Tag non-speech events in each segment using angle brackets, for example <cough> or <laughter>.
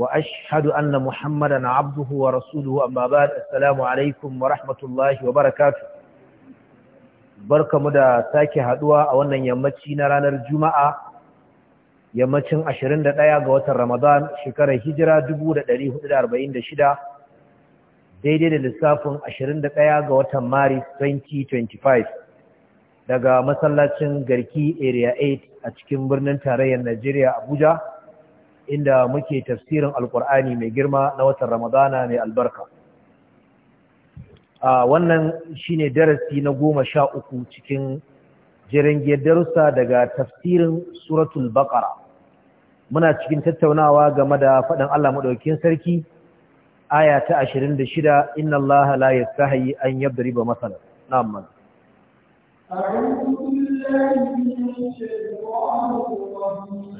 واشهد ان محمدا عبده ورسوله اما wa السلام عليكم ورحمه الله barkamu da sake haduwa a wannan yammaci na ranar juma'a yammacin 21 ga watan ramadan shekarar hijira 1446 daidai da lissafin 21 ga watan maris 2025 daga masallacin garki area 8 a cikin birnin tarayyar najeriya abuja inda muke tafsirin alkur'ani mai girma na watan ramadana mai albarka A wannan shine darasi na goma sha uku cikin jirangiyar darussa daga tafsirin suratul baqara muna cikin tattaunawa game da faɗin allah maɗaukin sarki aya ta ashirin da shida inna allaha la yastahi an yadriba masalan na'am أعوذ بالله من الشيطان الرجيم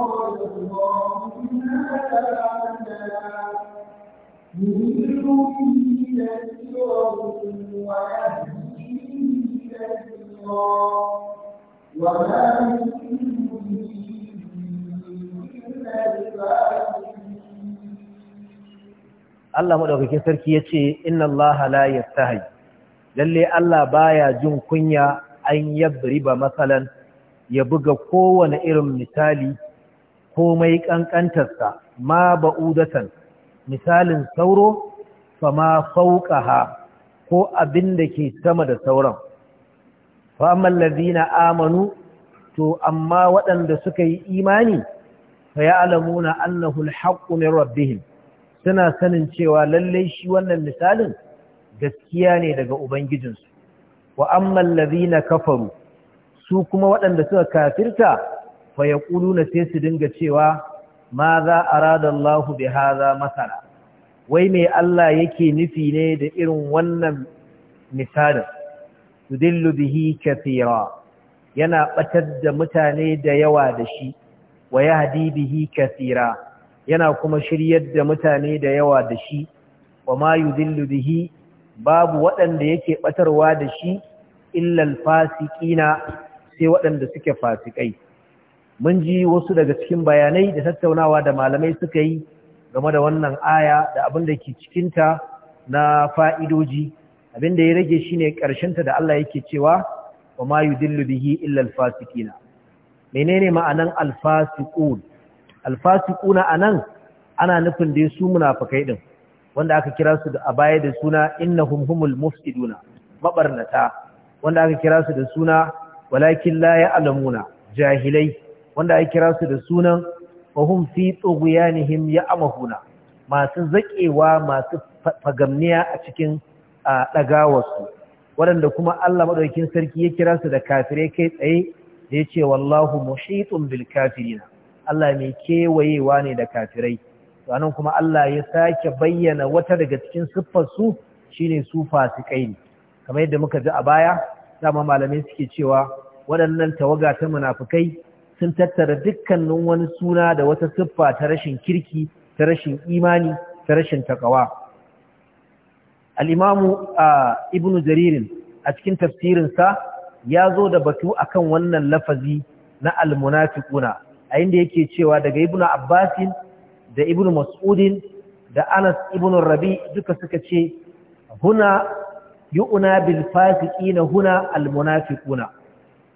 قال الله Allah maɗaukakin sarki ya ce, Inna Allah la yastahi lalle Allah baya jin kunya an riba matsalan ya buga kowane irin misali komai ƙanƙantarsa ma ba'udatan misalin sauro fama fauƙaha ko abin da ke sama da sauran fa'amman lazina amanu to amma waɗanda suka yi imani fa ya alamuna annahu rabbihim suna sanin cewa lallai shi wannan misalin gaskiya ne daga ubangijinsu wa amman lazina kafaru su kuma waɗanda suka kafirta fa yaquluna sai su dinga cewa ma za arada Lahu bi hadha masala wai mai Allah yake nufi ne da irin wannan misalin tudillu bihi kathira yana batar da mutane da yawa da shi wa yahdi bihi kathira yana kuma shiryar da mutane da yawa da shi wa ma yudillu bihi babu waɗanda yake batarwa da shi illal fasikina sai waɗanda suke fasikai mun ji wasu daga cikin bayanai da tattaunawa da malamai suka yi game da wannan aya da abin da ke cikinta na fa'idoji abin da ya rage shi ne ƙarshenta da Allah yake cewa wa ma yi dillu bihi illa alfasikina menene ma'anan alfasikun alfasikuna a nan ana nufin dai su munafakai ɗin wanda aka kira su a baya da suna innahum humul mufsiduna mabarnata wanda aka kira su da suna walakin la alamuna, jahilai wanda ake kira su da sunan fahum fi ya amahuna masu zakewa masu fagamniya a cikin dagawarsu waɗanda kuma Allah maɗaukin sarki ya kira su da kafirai kai tsaye da yace wallahu mushitun bil kafirina Allah mai kewayewa ne da kafirai to anan kuma Allah ya sake bayyana wata daga cikin siffar su shine su fasikai ne kamar yadda muka ji a baya dama malamai suke cewa waɗannan tawaga ta munafikai sun tattara dukkanin wani suna da wata siffa ta rashin kirki ta rashin imani ta rashin takawa al'imamu ibn jaririn a cikin tafsirinsa ya zo da batu akan wannan lafazi na almunafiquna a inda yake cewa daga ibn abbasin da ibn mas'udin da anas ibn rabi duka suka ce huna yu'na bil fasiqina huna almunafiquna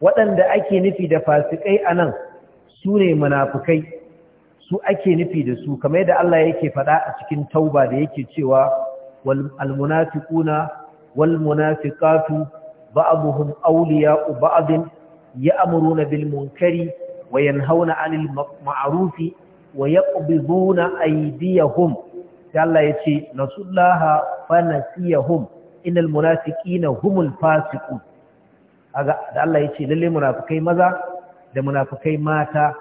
waɗanda ake nufi da fasikai a nan su ne munafukai su ake nufi da su kamar yadda Allah yake faɗa a cikin tauba da yake cewa almunafiquna walmunafiqatu ba'dhum awliya'u ba'd ya'muruna bil munkari wa yanhauna 'anil ma'rufi wa yaqbiduna aydiyahum sai Allah yace nasullaha fa nasiyahum innal munafiqina humul fasiqun kaga da Allah yace lalle munafikai maza da munafikai mata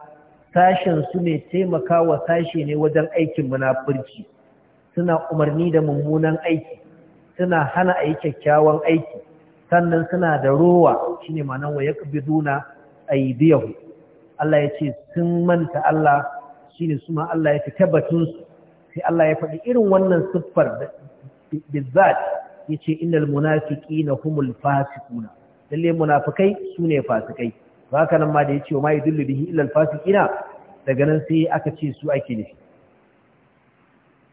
sashen su ne taimakawa sashe ne wajen aikin munafurci suna umarni da mummunan aiki suna hana ayi kyakkyawan aiki sannan suna da rowa shine nan wa yi aydiyahu Allah yace sun manta Allah shi ne suma Allah ya fi batun su sai Allah ya faɗi irin wannan siffar bizzat yace innal na humul fasikuna lalle munafikai sune fasikai haka nan ma da yace ma yadullu bihi illa alfasiqina daga nan sai aka ce su ake nufi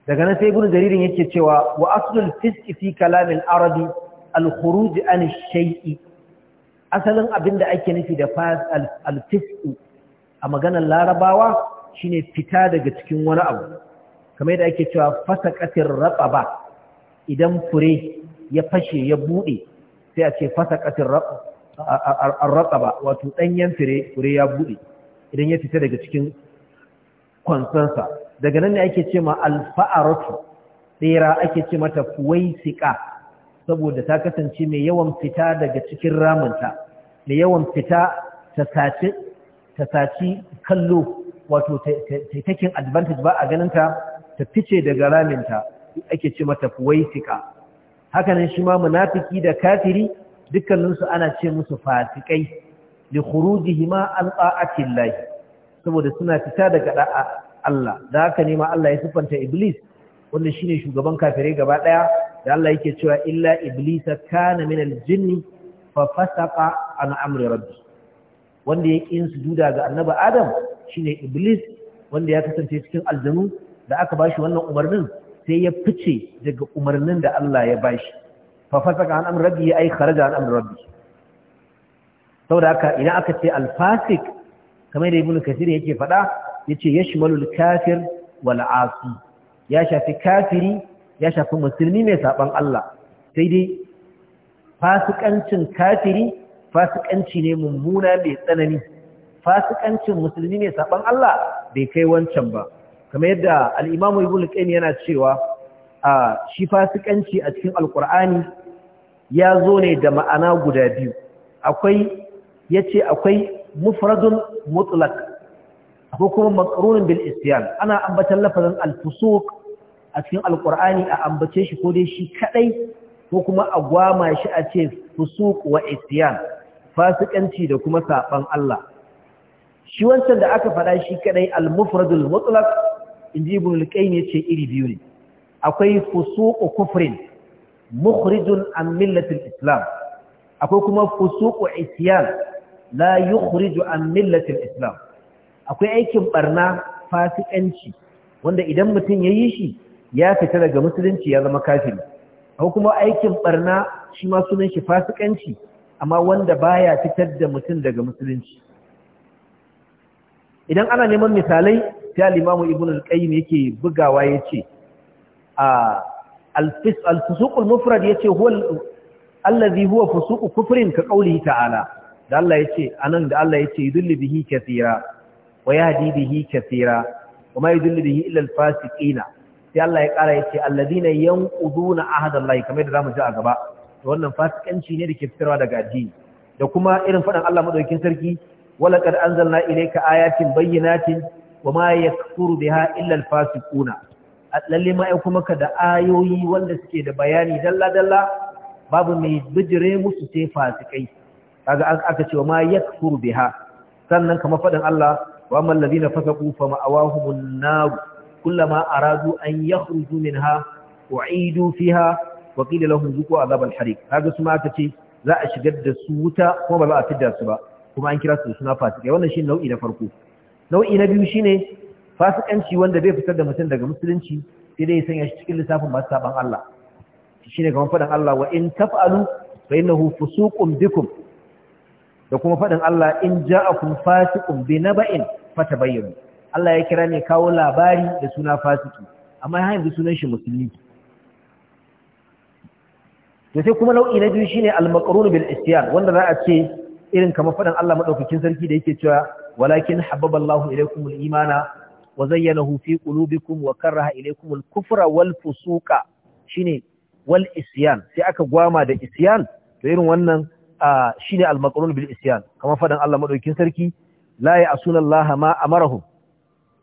daga nan sai ibnu jaririn yake cewa wa aslul fisq fi kalam arabi al-khuruj an ash-shay'i asalin abinda ake nufi da al-fisq a maganar larabawa shine fita daga cikin wani abu kamar yadda ake cewa fasaqatir raqaba idan fure ya fashe ya bude sai a ce raƙa ba wato ɗanyen fure fure ya buɗe, idan ya fita daga cikin kwansansa daga nan ne ake ce ma alfa'aratu tsera? ake ce mata siƙa saboda ta kasance mai yawan fita daga cikin ramunta mai yawan fita ta saci kallo wato taitakin advantage ba a ganinta ta fice daga raminta ake ce mata siƙa hakanan shi ma munafiki da kafiri dukkaninsu ana ce musu fasikai li khurujihima an saboda suna fita daga da'a Allah da haka ne ma Allah ya sifanta iblis wanda shine shugaban kafirai gaba daya da Allah yake cewa illa iblis kana min jini jinn fa fasaqa an amri rabbi wanda ya kin sujuda ga annabi adam shine iblis wanda ya kasance cikin aljanu da aka bashi wannan umarnin sai ya fice daga umarnin da Allah ya bashi fa fasaka an amr rabbi ay kharaja an amr rabbi saboda haka ina aka ce alfasik? fasik kamar da ibnu kasir yake fada yace yashmalul kafir wal ya shafi kafiri ya shafi musulmi mai saban Allah sai dai fasikancin kafiri fasikanci ne mummuna mai tsanani fasikancin musulmi mai saban Allah bai kai wancan ba kamar yadda al'imamu ibn qayyim yana cewa a shi fasikanci a cikin alkur'ani ya zo ne da ma'ana guda biyu akwai yace akwai mufradun mutlaq ko kuma maqrunun bil isyan ana ambatan lafazin alfusuk a cikin alkur'ani a ambace shi ko dai shi kadai ko kuma a gwama shi a ce Fusuk wa isyan fasikanci da kuma saban Allah shi wancan da aka faɗa shi kadai al-mufradul mutlak inji ibn al-qayyim yace iri biyu ne akwai fusuqu kufrin mukhrijun an millati al-islam akwai kuma fusuqu isyan la yukhriju an millati al-islam akwai aikin barna fasikanci wanda idan mutum yayi shi ya fita daga musulunci ya zama kafiri akwai kuma aikin barna shi ma sunan shi fasikanci amma wanda baya fitar da mutum daga musulunci idan ana neman misalai sai al-imamu ibn al-qayyim yake bugawa yace a al-fis al-fusuq al-mufrad yace huwa alladhi huwa fusuq kufrin ka qawlihi ta'ala da Allah yace anan da Allah yace yudillu bihi kathira wa yahdi bihi kathira wa ma yudillu bihi illa al sai Allah ya kara yace alladhina yanquduna ahdallahi kamar da zamu ji a gaba wannan fasikanci ne da ke fitarwa daga addini da kuma irin faɗin Allah madaukakin sarki walaqad anzalna ka ayatin bayyinatin wama yakfuru biha illa A lalle ma kuma ka da ayoyi wanda suke da bayani dalla dalla babu mai bijire musu sai fasikai kaga aka ce wama yakfuru biha sannan kama faɗin Allah wa amman ladina fasaqu fa ma'awahumun nar kullama aradu an yakhruju minha u'idu fiha wa qila lahum zuqu azab al-hariq kaga su ma aka ce za a shigar da su wuta kuma ba za a fidda su ba kuma an kira su da suna fasikai wannan shi nau'i na farko nau'i na biyu shine fasikanci wanda bai fitar da mutum daga musulunci sai dai ya sanya shi cikin lissafin masu saban Allah shine kamar faɗin Allah wa in taf'alu fa innahu fusuqun bikum da kuma faɗin Allah in ja'akum fasiqun bi naba'in fatabayyanu Allah ya kira ne kawo labari da suna fasiki amma ya yanzu sunan shi musulmi to sai kuma nau'i na biyu shine al-maqrun bil istiyan wanda za a ce irin kamar faɗin Allah maɗaukakin sarki da yake cewa walakin habbaballahu ilaikumul imana wa zayyanahu fi qulubikum wa karaha ilaikumul kufra wal fusuqa shine wal isyan sai aka gwama da isyan to irin wannan shine al maqrun bil isyan kamar faɗin Allah maɗaukakin sarki la ya'suna Allah ma amarahum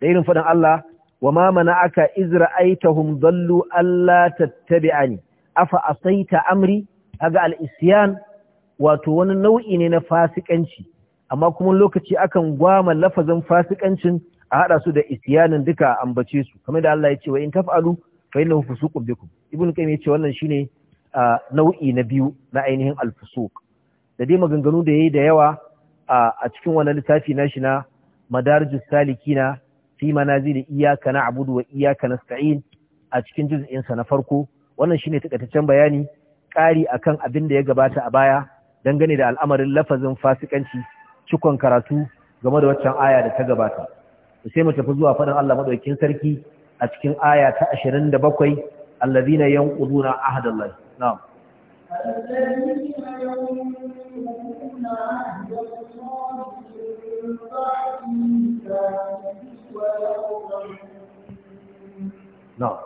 da irin faɗin Allah wa ma mana'aka izra'aitahum dallu alla tattabi'ani afa asaita amri kaga al isyan wato wani nau'i ne na fasikanci amma kuma lokaci akan gwama lafazin fasikancin a hada su da isyanin duka ambace su kamar da Allah ya ce wa in taf'alu fa innahu fusuqun bikum ibnu qayyim ya ce wannan shine nau'i na biyu na ainihin al-fusuq da dai maganganu da yayi da yawa a cikin wannan littafi shi na madarijus salikina fi manazil iyyaka na'budu wa iyyaka nasta'in a cikin juz'in sa na farko wannan shine takaitaccen bayani ƙari akan abin da ya gabata a baya dangane da al'amarin lafazin fasikanci cikon karatu game da waccan aya da ta gabata sai mu tafi zuwa faɗin Allah madaukakin sarki a cikin aya ta 27 allazina yanquduna ahdallahi na'am na'am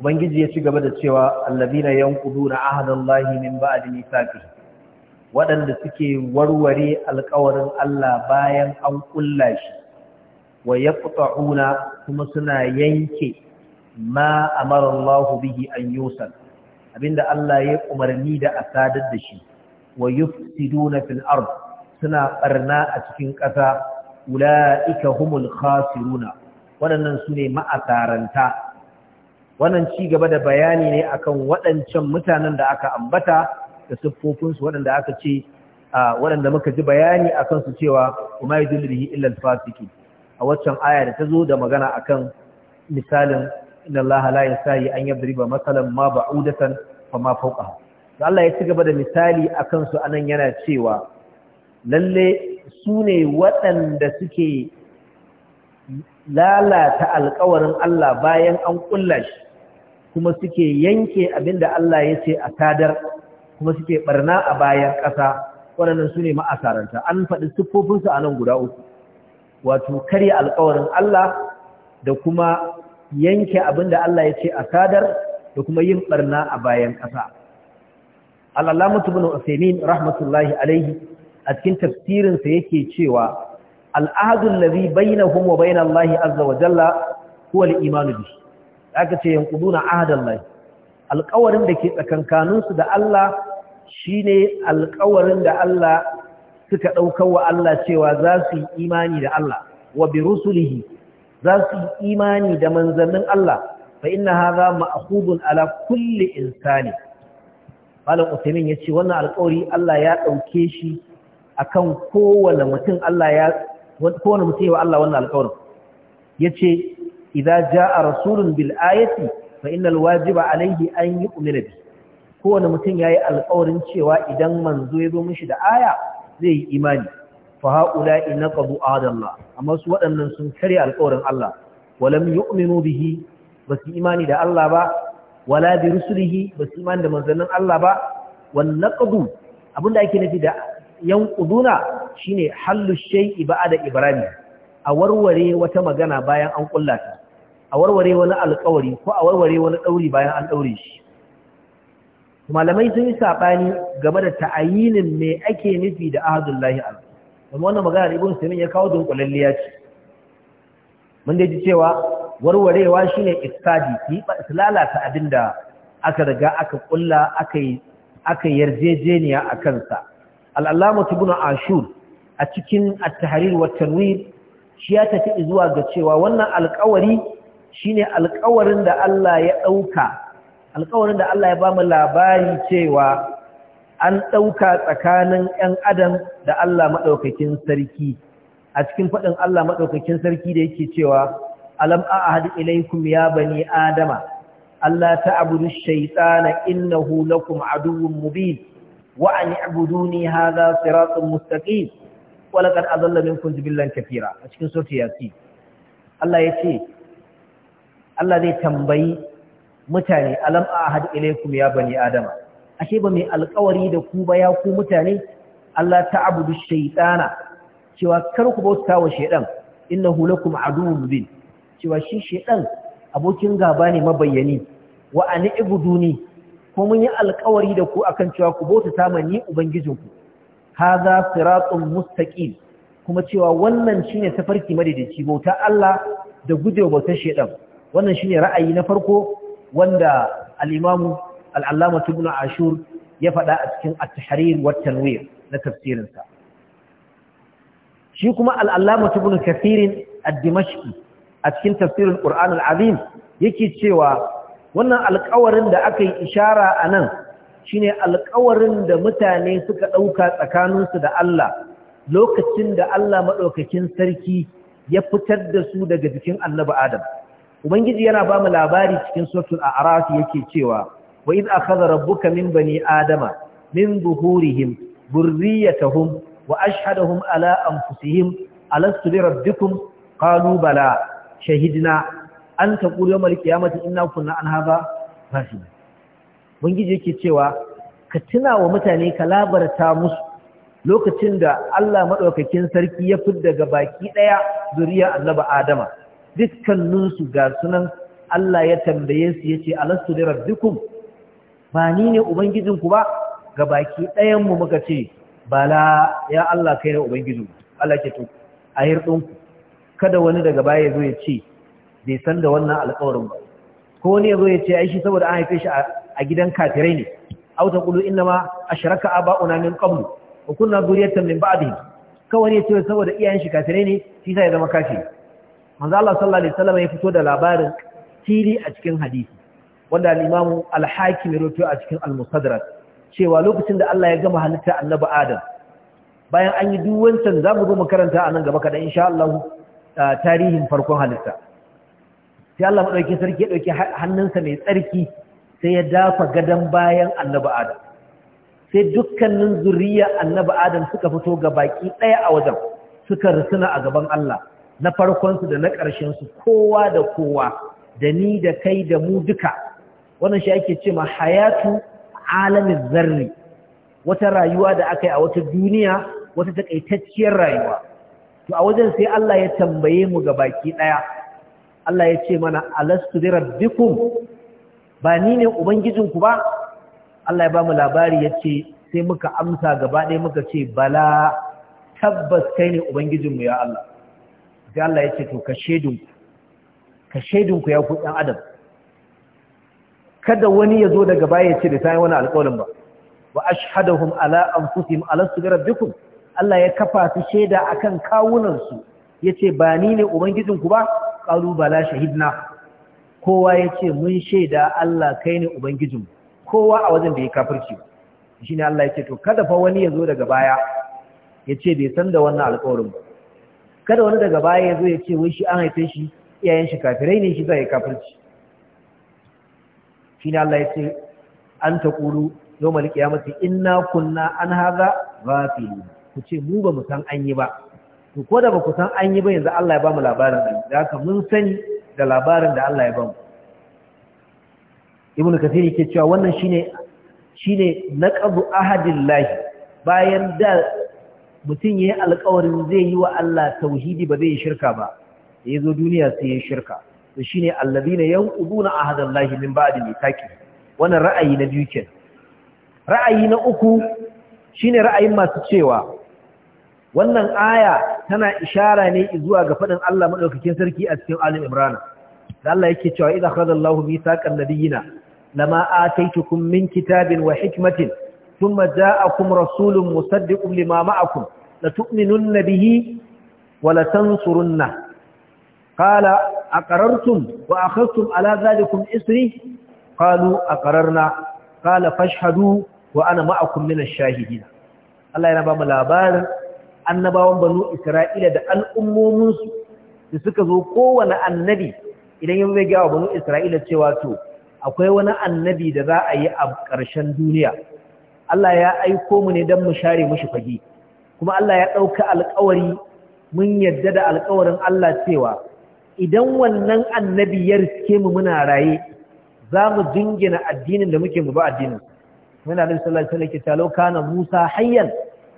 Ubangiji ya ci gaba da cewa allazina yanquduna lahi min ba'di mithaqihi waɗanda suke warware alƙawarin Allah bayan an ƙulla shi wa yaqta'una kuma suna yanke ma marar lahu bihi an yusal abinda Allah ya umarni da a sadar da shi wa yufsiduna fil ard suna barna a cikin ƙasa ulaika humul khasiruna waɗannan su ne ma'asaranta wannan ci gaba da bayani ne akan waɗancan mutanen da aka ambata da siffofinsu waɗanda aka ce waɗanda muka ji bayani akan su cewa kuma yi illal fasiki a waccan aya da ta zo da magana akan misalin inna allaha la yasayi an yadriba masalan ma ba'udatan fa ma to Allah ya ci gaba da misali akan su anan yana cewa lalle su ne waɗanda suke lalata alkawarin Allah bayan an ƙulla shi kuma suke yanke abinda Allah ya ce a tadar kuma suke barna a bayan ƙasa waɗannan sune ne ma'asaranta an faɗi siffofinsu a nan guda uku wato karya alkawarin Allah da kuma yanke abin da Allah ya ce a sadar da kuma yin barna a bayan ƙasa. Allah mutumin Usaimin rahmatullahi alaihi a cikin tafsirinsa yake cewa al'adun lazi bayna wa bayna Allahi azza wa jalla kuwa imanu bi. Aka ce yankudu na ahadallahi. Alƙawarin da ke tsakankaninsu da Allah shi ne alƙawarin da Allah suka ɗaukar wa Allah cewa za su yi imani da Allah wa bi rusulihi za su yi imani da manzannin Allah fa ina hadha ma'khudun ala kulli insani malam ya ce, wannan alƙawari Allah ya ɗauke shi akan kowane mutum Allah ya kowane mutum yawa Allah wannan alƙawarin idan idza a rasulun bil ayati fa innal wajiba alayhi an yu'mina bi kowane mutum ya yi alƙawarin cewa idan manzo ya zo mishi da aya zai yi imani fa ina kabu adallah amma su waɗannan sun karya alƙawarin Allah walam yu'minu bihi basu imani da Allah ba wala bi rusulihi basu imani da manzannin Allah ba wan naqdu abinda ake nufi da yanquduna shine hallu shay'i ba'da ibrani, a warware wata magana bayan an kullata a warware wani alƙawari ko a warware wani dauri bayan an daure shi malamai sun yi sabani game da ta'ayinin me ake nufi da ahdullahi alaihi amma wannan magana da ibn Sirin ya kawo dunkulalliya ce mun dai ji cewa warwarewa shine iftadi ki ba lalata abinda aka riga aka kulla aka yi aka yarjejeniya a kansa al-allama ibn ashur a cikin at-tahrir wa tanwir shi ya tafi zuwa ga cewa wannan alƙawari shine alƙawarin da Allah ya dauka alƙawarin da Allah ya ba mu labari cewa an ɗauka tsakanin ‘yan adam da Allah maɗaukakin sarki a cikin faɗin Allah maɗaukakin sarki da yake cewa alam ahad ilaikum ya bani adama Allah ta'budu abudu shaytana innahu lakum aduwwun mubin wa an i'buduni hadha siratun mustaqim wa laqad adalla minkum jibillan kafira a cikin surah yasi. Allah yace Allah zai tambayi mutane alam ahad ilaikum ya bani adama ashe ba mai alkawari da ku ba ya ku mutane Allah ta ta'budu shaytana cewa kar ku bauta wa shaydan innahu lakum aduwwun mubin cewa shi shaiɗan abokin gaba ne mabayyani wa an ibuduni ko mun yi alkawari da ku akan cewa ku bauta ta mani ku hadha siratun mustaqim kuma cewa wannan shine tafarki madaidaici bauta Allah da gujewa bautar shaiɗan? wannan shine ra'ayi na farko wanda al-imamu al'allama tubna ashur ya faɗa a cikin at-tahrir wa na tafsirinsa shi kuma al'allama tubna kathirin ad a cikin tafsirin Ƙur'an al-azim yake cewa wannan alƙawarin da aka yi ishara a nan shine alƙawarin da mutane suka ɗauka tsakaninsu da Allah lokacin da Allah maɗaukakin sarki ya fitar da su daga jikin annabi Adam. Ubangiji yana ba mu labari cikin suratul arafi yake cewa wa iz akhadha rabbuka min bani adama min zuhurihim dhurriyyatahum wa ashhadahum ala anfusihim alastu bi rabbikum qalu bala shahidna an taqulu yawm al-qiyamati inna kunna an hadha fasina bungije yake cewa ka tuna wa mutane ka labarta musu lokacin da Allah madaukakin sarki ya fidda ga baki daya zuriyar annabi Adama dukkaninsu ga sunan Allah ya tambaye su yace alastu bi rabbikum ba ni ne ku ba ga baki ɗayanmu muka ce bala ya Allah kai ne ubangijinku Allah ke to a hirɗinku kada wani daga baya zo ya ce bai san da wannan alƙawarin ba ko wani ya zo ya ce ai shi saboda an haife shi a gidan kafirai ne auta qulu inna ma ashraka aba'una min qablu wa kunna dhurriyatan min ba'dihi kawai ya ce saboda iyayen shi kafirai ne shi sai ya zama kafiri manzo Allah sallallahu alaihi wasallam ya fito da labarin fili a cikin hadisi wanda al alhaki al-Hakim a cikin al-Mustadrak cewa lokacin da Allah ya gama halitta Annabi Adam bayan an yi duk wancan zamu zo mu karanta a nan gaba kadan insha Allah tarihin farkon halitta sai Allah madauki sarki ya ɗauki hannunsa mai tsarki sai ya dafa gadon bayan Annabi Adam sai dukkanin zuriya Annabi Adam suka fito ga baki ɗaya a wajen suka rusuna a gaban Allah na farkonsu da na ƙarshensu kowa da kowa da ni da kai da mu duka wannan shi ake ce ma hayatu alamin zarri wata rayuwa da aka yi a wata duniya wata takaitacciyar rayuwa to a wajen sai Allah ya tambaye mu ga baki daya Allah ya ce mana alastu bi rabbikum ba ni ne ubangijinku ba Allah ya ba mu labari ya ce sai muka amsa gaba ɗaya muka ce bala tabbas kai ne ubangijinmu ya Allah sai Allah ya ce to ka shedinku ka ya ku ɗan adam kada wani ya zo daga baya ya ce da ta yi wani alƙawarin ba wa ashhadahum ala anfusihim alastu bi rabbikum Allah ya kafa su shaida akan kawunan su yace ba ni ne ubangijin ku ba qalu bala shahidna kowa yace mun shaida Allah kai ne ubangijin kowa a wajen da ya kafirci ne Allah yace to kada fa wani ya zo daga baya yace bai san da wannan alƙawarin ba kada wani daga baya ya zo yace wai shi an haife shi iyayen shi kafirai ne shi zai kafirci shine Allah ya ce an taqulu yawmal inna kunna an haza ghafilin ku ce mu ba mu san an yi ba to ko da ba ku san an yi ba yanzu Allah ya ba mu labarin da da haka mun sani da labarin da Allah ya ba mu ibnu kathiri ke cewa wannan shine shine naqabu ahadillahi bayan da mutum yayi alƙawarin zai yi wa Allah tauhidi ba zai shirka ba yazo duniya sai ya shirka to shine alladhina yanquduna ahadallahi min ba'di mithaqi wannan ra'ayi na biyu kenan ra'ayi na uku shine ra'ayin masu cewa wannan aya tana ishara ne zuwa ga faɗin Allah maɗaukakin sarki a cikin Ali Imran da Allah yake cewa idza akhadha Allahu nabiyina lama ataitukum min kitabin wa hikmatin thumma ja'akum rasulun musaddiqun lima ma'akum la tu'minunna bihi wa la tansurunna qala aqarartum wa akhadhtum ala zalikum isri qalu aqararna Kala fashhadu wa ana ma'akum min ash-shahidin Allah labarin annabawan banu Isra'ila da al'ummomin su da suka zo kowane annabi idan ya zai gawa banu Isra'ila cewa to akwai wani annabi da za a yi a ƙarshen duniya Allah ya aiko mu ne don mu share mushi fage kuma Allah ya ɗauka alƙawari mun yadda da alƙawarin Allah cewa idan wannan annabi ya riske mu muna raye za mu jingina addinin da muke mu ba addinin muna da sallallahu alaihi wasallam ke talo kana Musa hayyan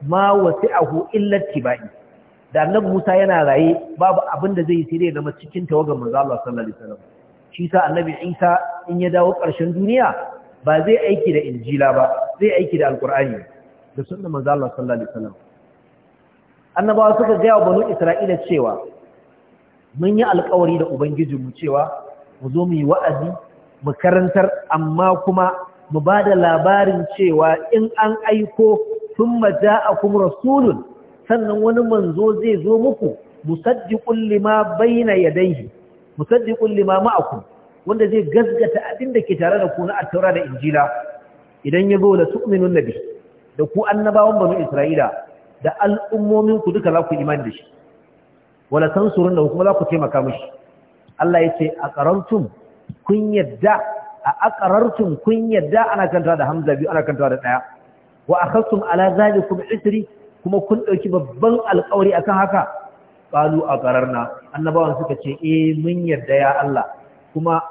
ma wasi'ahu illa tibai da annabi Musa yana raye babu abin da zai yi sai dai zama cikin tawagar manzo Allah sallallahu alaihi wasallam shi sa annabi Isa in ya dawo ƙarshen duniya ba zai aiki da injila ba zai aiki da alqur'ani da sunnar manzo Allah sallallahu alaihi wasallam annabawa suka ga wa banu Isra'ila cewa mun yi alkawari da mu cewa mu zo mu yi wa'azi mu karantar amma kuma mu ba da labarin cewa in an aiko sun maja a kuma rasulun sannan wani manzo zai zo muku musaddiƙun lima bayyana yadaihi musaddiƙun lima ma'akun wanda zai gasgata abin da ke tare da ku na attaura da injila idan ya zo da tu'minun nabi da ku annabawan banu isra'ila da al'ummomin ku duka za ku imani da shi wala tansurun da kuma za ku taimaka mishi Allah ya ce a ƙarartun kun yadda a aqarartum kun yadda ana kanta da hamza biyu ana kanta da ɗaya wa akhastum ala zalikum isri kuma kun ɗauki babban alƙawari akan haka a ƙarar na, annabawan suka ce eh mun yadda ya Allah kuma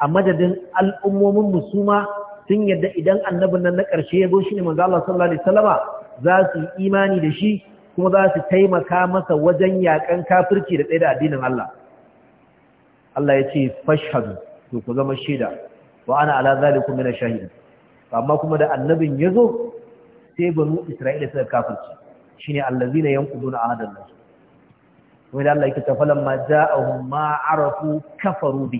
a madadin al'ummomin musuma sun yadda idan annabin nan na ƙarshe ya zo shi ne manzo Allah sallallahu alaihi wasallama za su yi imani da shi kuma za su taimaka masa wajen yaƙan kafirci da tsaye da addinin Allah Allah ya ce fashadu! to ku zama shaida wa ana ala zalikum min ash-shahid amma kuma da annabin yazo sai banu Isra'ila suka kafirci shine allazina yanquduna ahadan kuma da Allah yake tafalan ma ja'ahum ma arafu kafaru bi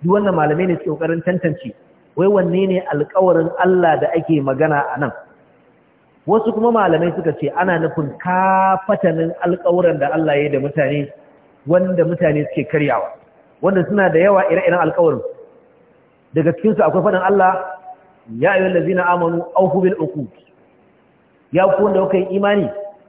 duk wannan malamai ne su kokarin tantance wai wanne ne alƙawarin Allah da ake magana a nan wasu kuma malamai suka ce ana nufin kafatanin alƙawuran da Allah ya da mutane wanda mutane suke karyawa wanda suna da yawa ire-iren alƙawarin daga cikin su akwai faɗin Allah ya ayyul ladzina amanu awfu bil uqud ya ku wanda kuka yi imani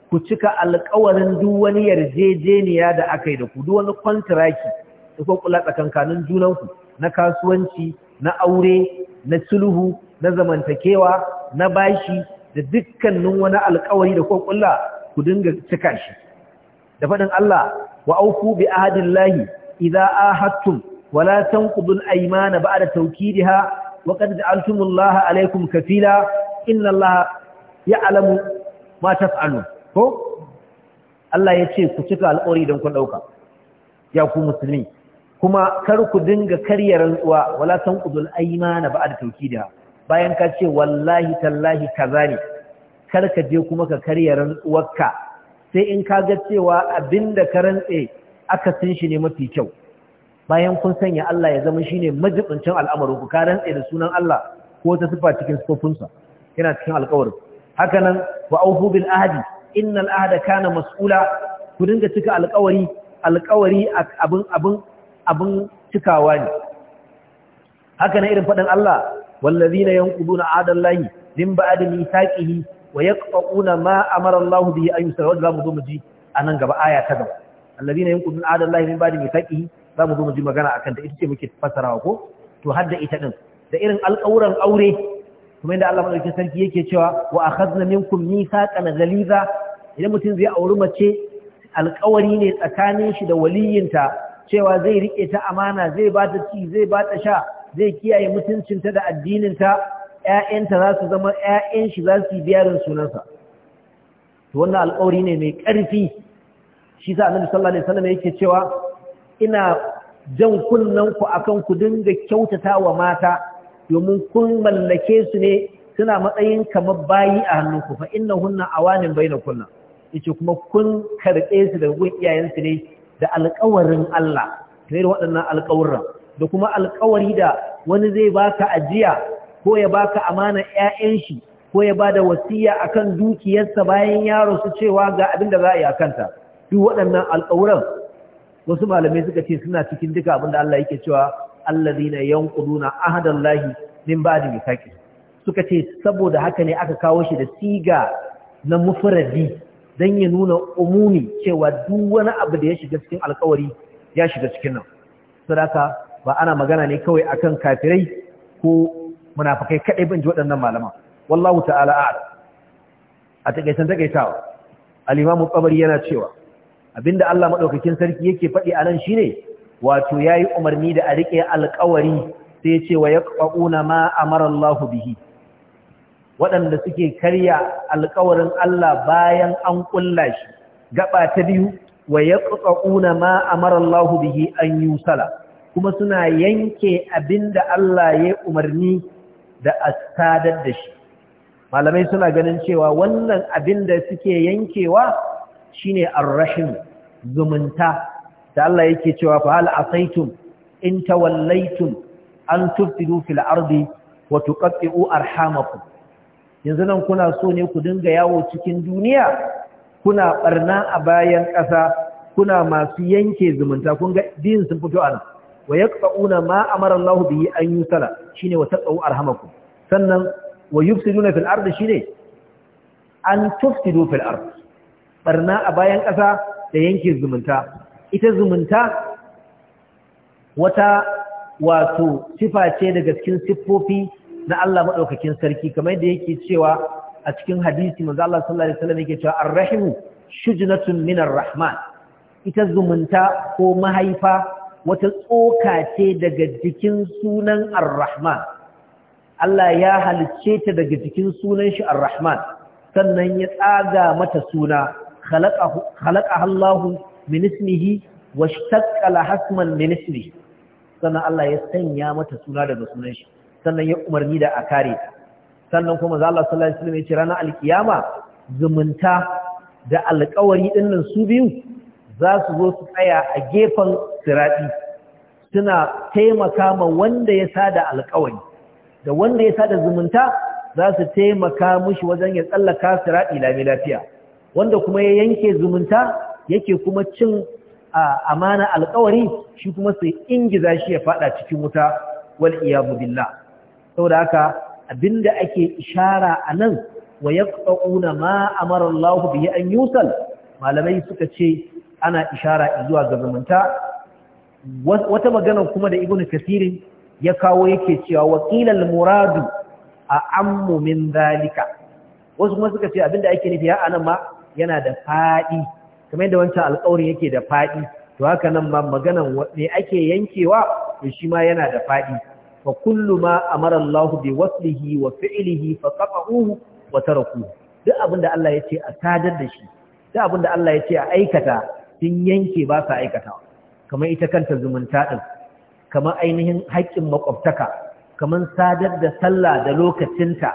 ku cika alƙawarin duk wani yarjejeniya da aka yi da ku duk wani kontraki da ku kula tsakankanin junanku na kasuwanci na aure na sulhu na zamantakewa na bashi da dukkanin wani alkawari da kuka kulla ku dinga cika shi da faɗin Allah wa auku bi ahadillahi idza ahadtum wala tanqudu al-aymana ba'da tawkidiha wa qad ja'altumullaha alaykum kafila inna Allah ya'lamu ma taf'alun ko Allah yace ku cika alƙawari don ku dauka ya ku musulmi kuma kar ku dinga karya rantsuwa wala tanqudul aymana ba'da tawkidiha bayan ka ce wallahi tallahi kaza ne kar ka je kuma ka karya rantsuwarka sai in ka ga cewa abinda ka rantse aka san shi ne mafi kyau bayan kun sanya Allah ya zama shine majibincin al'amarin ku ka rantse da sunan Allah ko ta sifa cikin sifofinsa yana cikin alƙawarin haka nan wa aufu bil ahdi innal ahda kana mas'ula ku dinga cika alƙawari alƙawari abin abin abin cikawa ne haka nan irin faɗin Allah والذين ينقضون عهد الله من بعد ميثاقه ويقطعون ما امر الله به ان يسر ولا مضمجي anan gaba aya ta gaba alladhina yanqudun ahda Allah min ba'di mithaqihi za mu zo mu ji magana akan ta ita ce muke fasarawa ko to hadda ita din da irin alƙawuran aure kuma inda Allah madaukakin sarki yake cewa wa akhadna minkum mithaqan ghaliza idan mutum zai auri mace alƙawari ne tsakanin shi da waliyinta cewa zai rike ta amana zai ba ta ci zai ba ta sha zai kiyaye mutuncinta da addininta ‘ya'yanta za su zama ‘ya'yan shi za su yi biyarin sunansa to wannan alƙawari ne mai ƙarfi shi sa annabi sallallahu alaihi wasallam yake cewa ina jan kunnen ku kan ku dinga kyautata wa mata domin kun mallake su ne suna matsayin kamar bayi a hannunku fa bai awanin kunna, yace kuma kun karɓe su da gun iyayensu ne da alƙawarin Allah kamar waɗannan alƙawuran. da kuma alkawari da wani zai baka ajiya ko ya baka amana ƴaƴan shi ko ya bada wasiya akan dukiyarsa bayan ya rasu cewa ga abin da za a yi akanta duk waɗannan alƙawuran wasu malamai suka ce suna cikin duka abin da Allah yake cewa allazina yanquduna ahadallahi min ba'di mithaqi suka ce saboda haka ne aka kawo shi da siga na mufradi dan ya nuna umumi cewa duk wani abu da ya shiga cikin alƙawari ya shiga cikin nan sadaka ba ana magana ne kawai akan kafirai ko munafikai kadai ban ji waɗannan malaman wallahu ta'ala a'lam a takaitan takaitawa al-imamu qabari yana cewa abinda Allah madaukakin sarki yake faɗi a nan shine wato yayi umarni da a rike alƙawari sai ya ce wa yaqauna ma amara Allah bihi waɗanda suke karya alƙawarin Allah bayan an kulla shi gaba ta biyu wa yaqauna ma amara Allah bihi an yusala kuma suna yanke abinda Allah ya umarni da astadar da shi malamai suna ganin cewa wannan abin da suke yankewa shine ar-rahim zumunta da Allah yake cewa fa hal asaitum in tawallaitum an tuftidu fil ardi wa tuqatti'u arhamakum yanzu nan kuna so ne ku dinga yawo cikin duniya kuna ɓarna a bayan ƙasa kuna masu yanke zumunta kun ga din sun fito anan wa yaqta'una ma amara Allahu bihi an yusala shine wa taqau arhamakum sannan wa yufsiduna fil ardi shine an tufti fil ardi barna a bayan ƙasa da yankin zumunta ita zumunta wata wato sifa ce daga cikin siffofi na Allah maɗaukakin sarki kamar da yake cewa a cikin hadisi manzo Allah sallallahu alaihi wasallam yake cewa ar-rahimu shujnatun minar rahman ita zumunta ko mahaifa wata tsoka ce daga jikin sunan ar-rahman Allah ya halicce ta daga jikin sunan shi ar-rahman sannan ya tsaga mata suna khalaqa Allahu min ismihi washtaqqa hasman min ismihi sannan Allah ya sanya mata suna daga sunan shi sannan ya umarni da a kare ta sannan kuma za Allah sallallahu alaihi wasallam ya ce ranar alkiyama zumunta da alƙawari dinnan su biyu za su zo su tsaya a gefen siraɗi suna taimaka ma wanda ya sa da alkawari da wanda ya sada zumunta za su taimaka mushi wajen ya tsallaka siraɗi lami lafiya wanda kuma ya yanke zumunta yake kuma cin amana alkawari shi kuma sai ingiza shi ya fada cikin wuta wal iyabu billah saboda haka abinda ake ishara a anan wa yaqta'una ma amara Allah bihi an yusal malamai suka ce ana ishara zuwa ga zumunta wata magana kuma da ibnu kasirin ya kawo yake cewa wakilal muradu a ammu min zalika wasu kuma suka ce abinda ake nufi a nan ma yana da fadi kamar yadda wancan alƙawarin yake da fadi to haka nan ma maganan ne ake yankewa to shi ma yana da fadi fa kullu ma amara Allah bi waslihi wa fi'lihi fa qata'uhu wa tarakuhu duk abinda Allah yace a sadar da shi duk abinda Allah yace a aikata sun yanke ba sa aikatawa kamar ita kanta zumunta ɗin kamar ainihin haƙƙin makwabtaka kamar sadar da sallah da lokacinta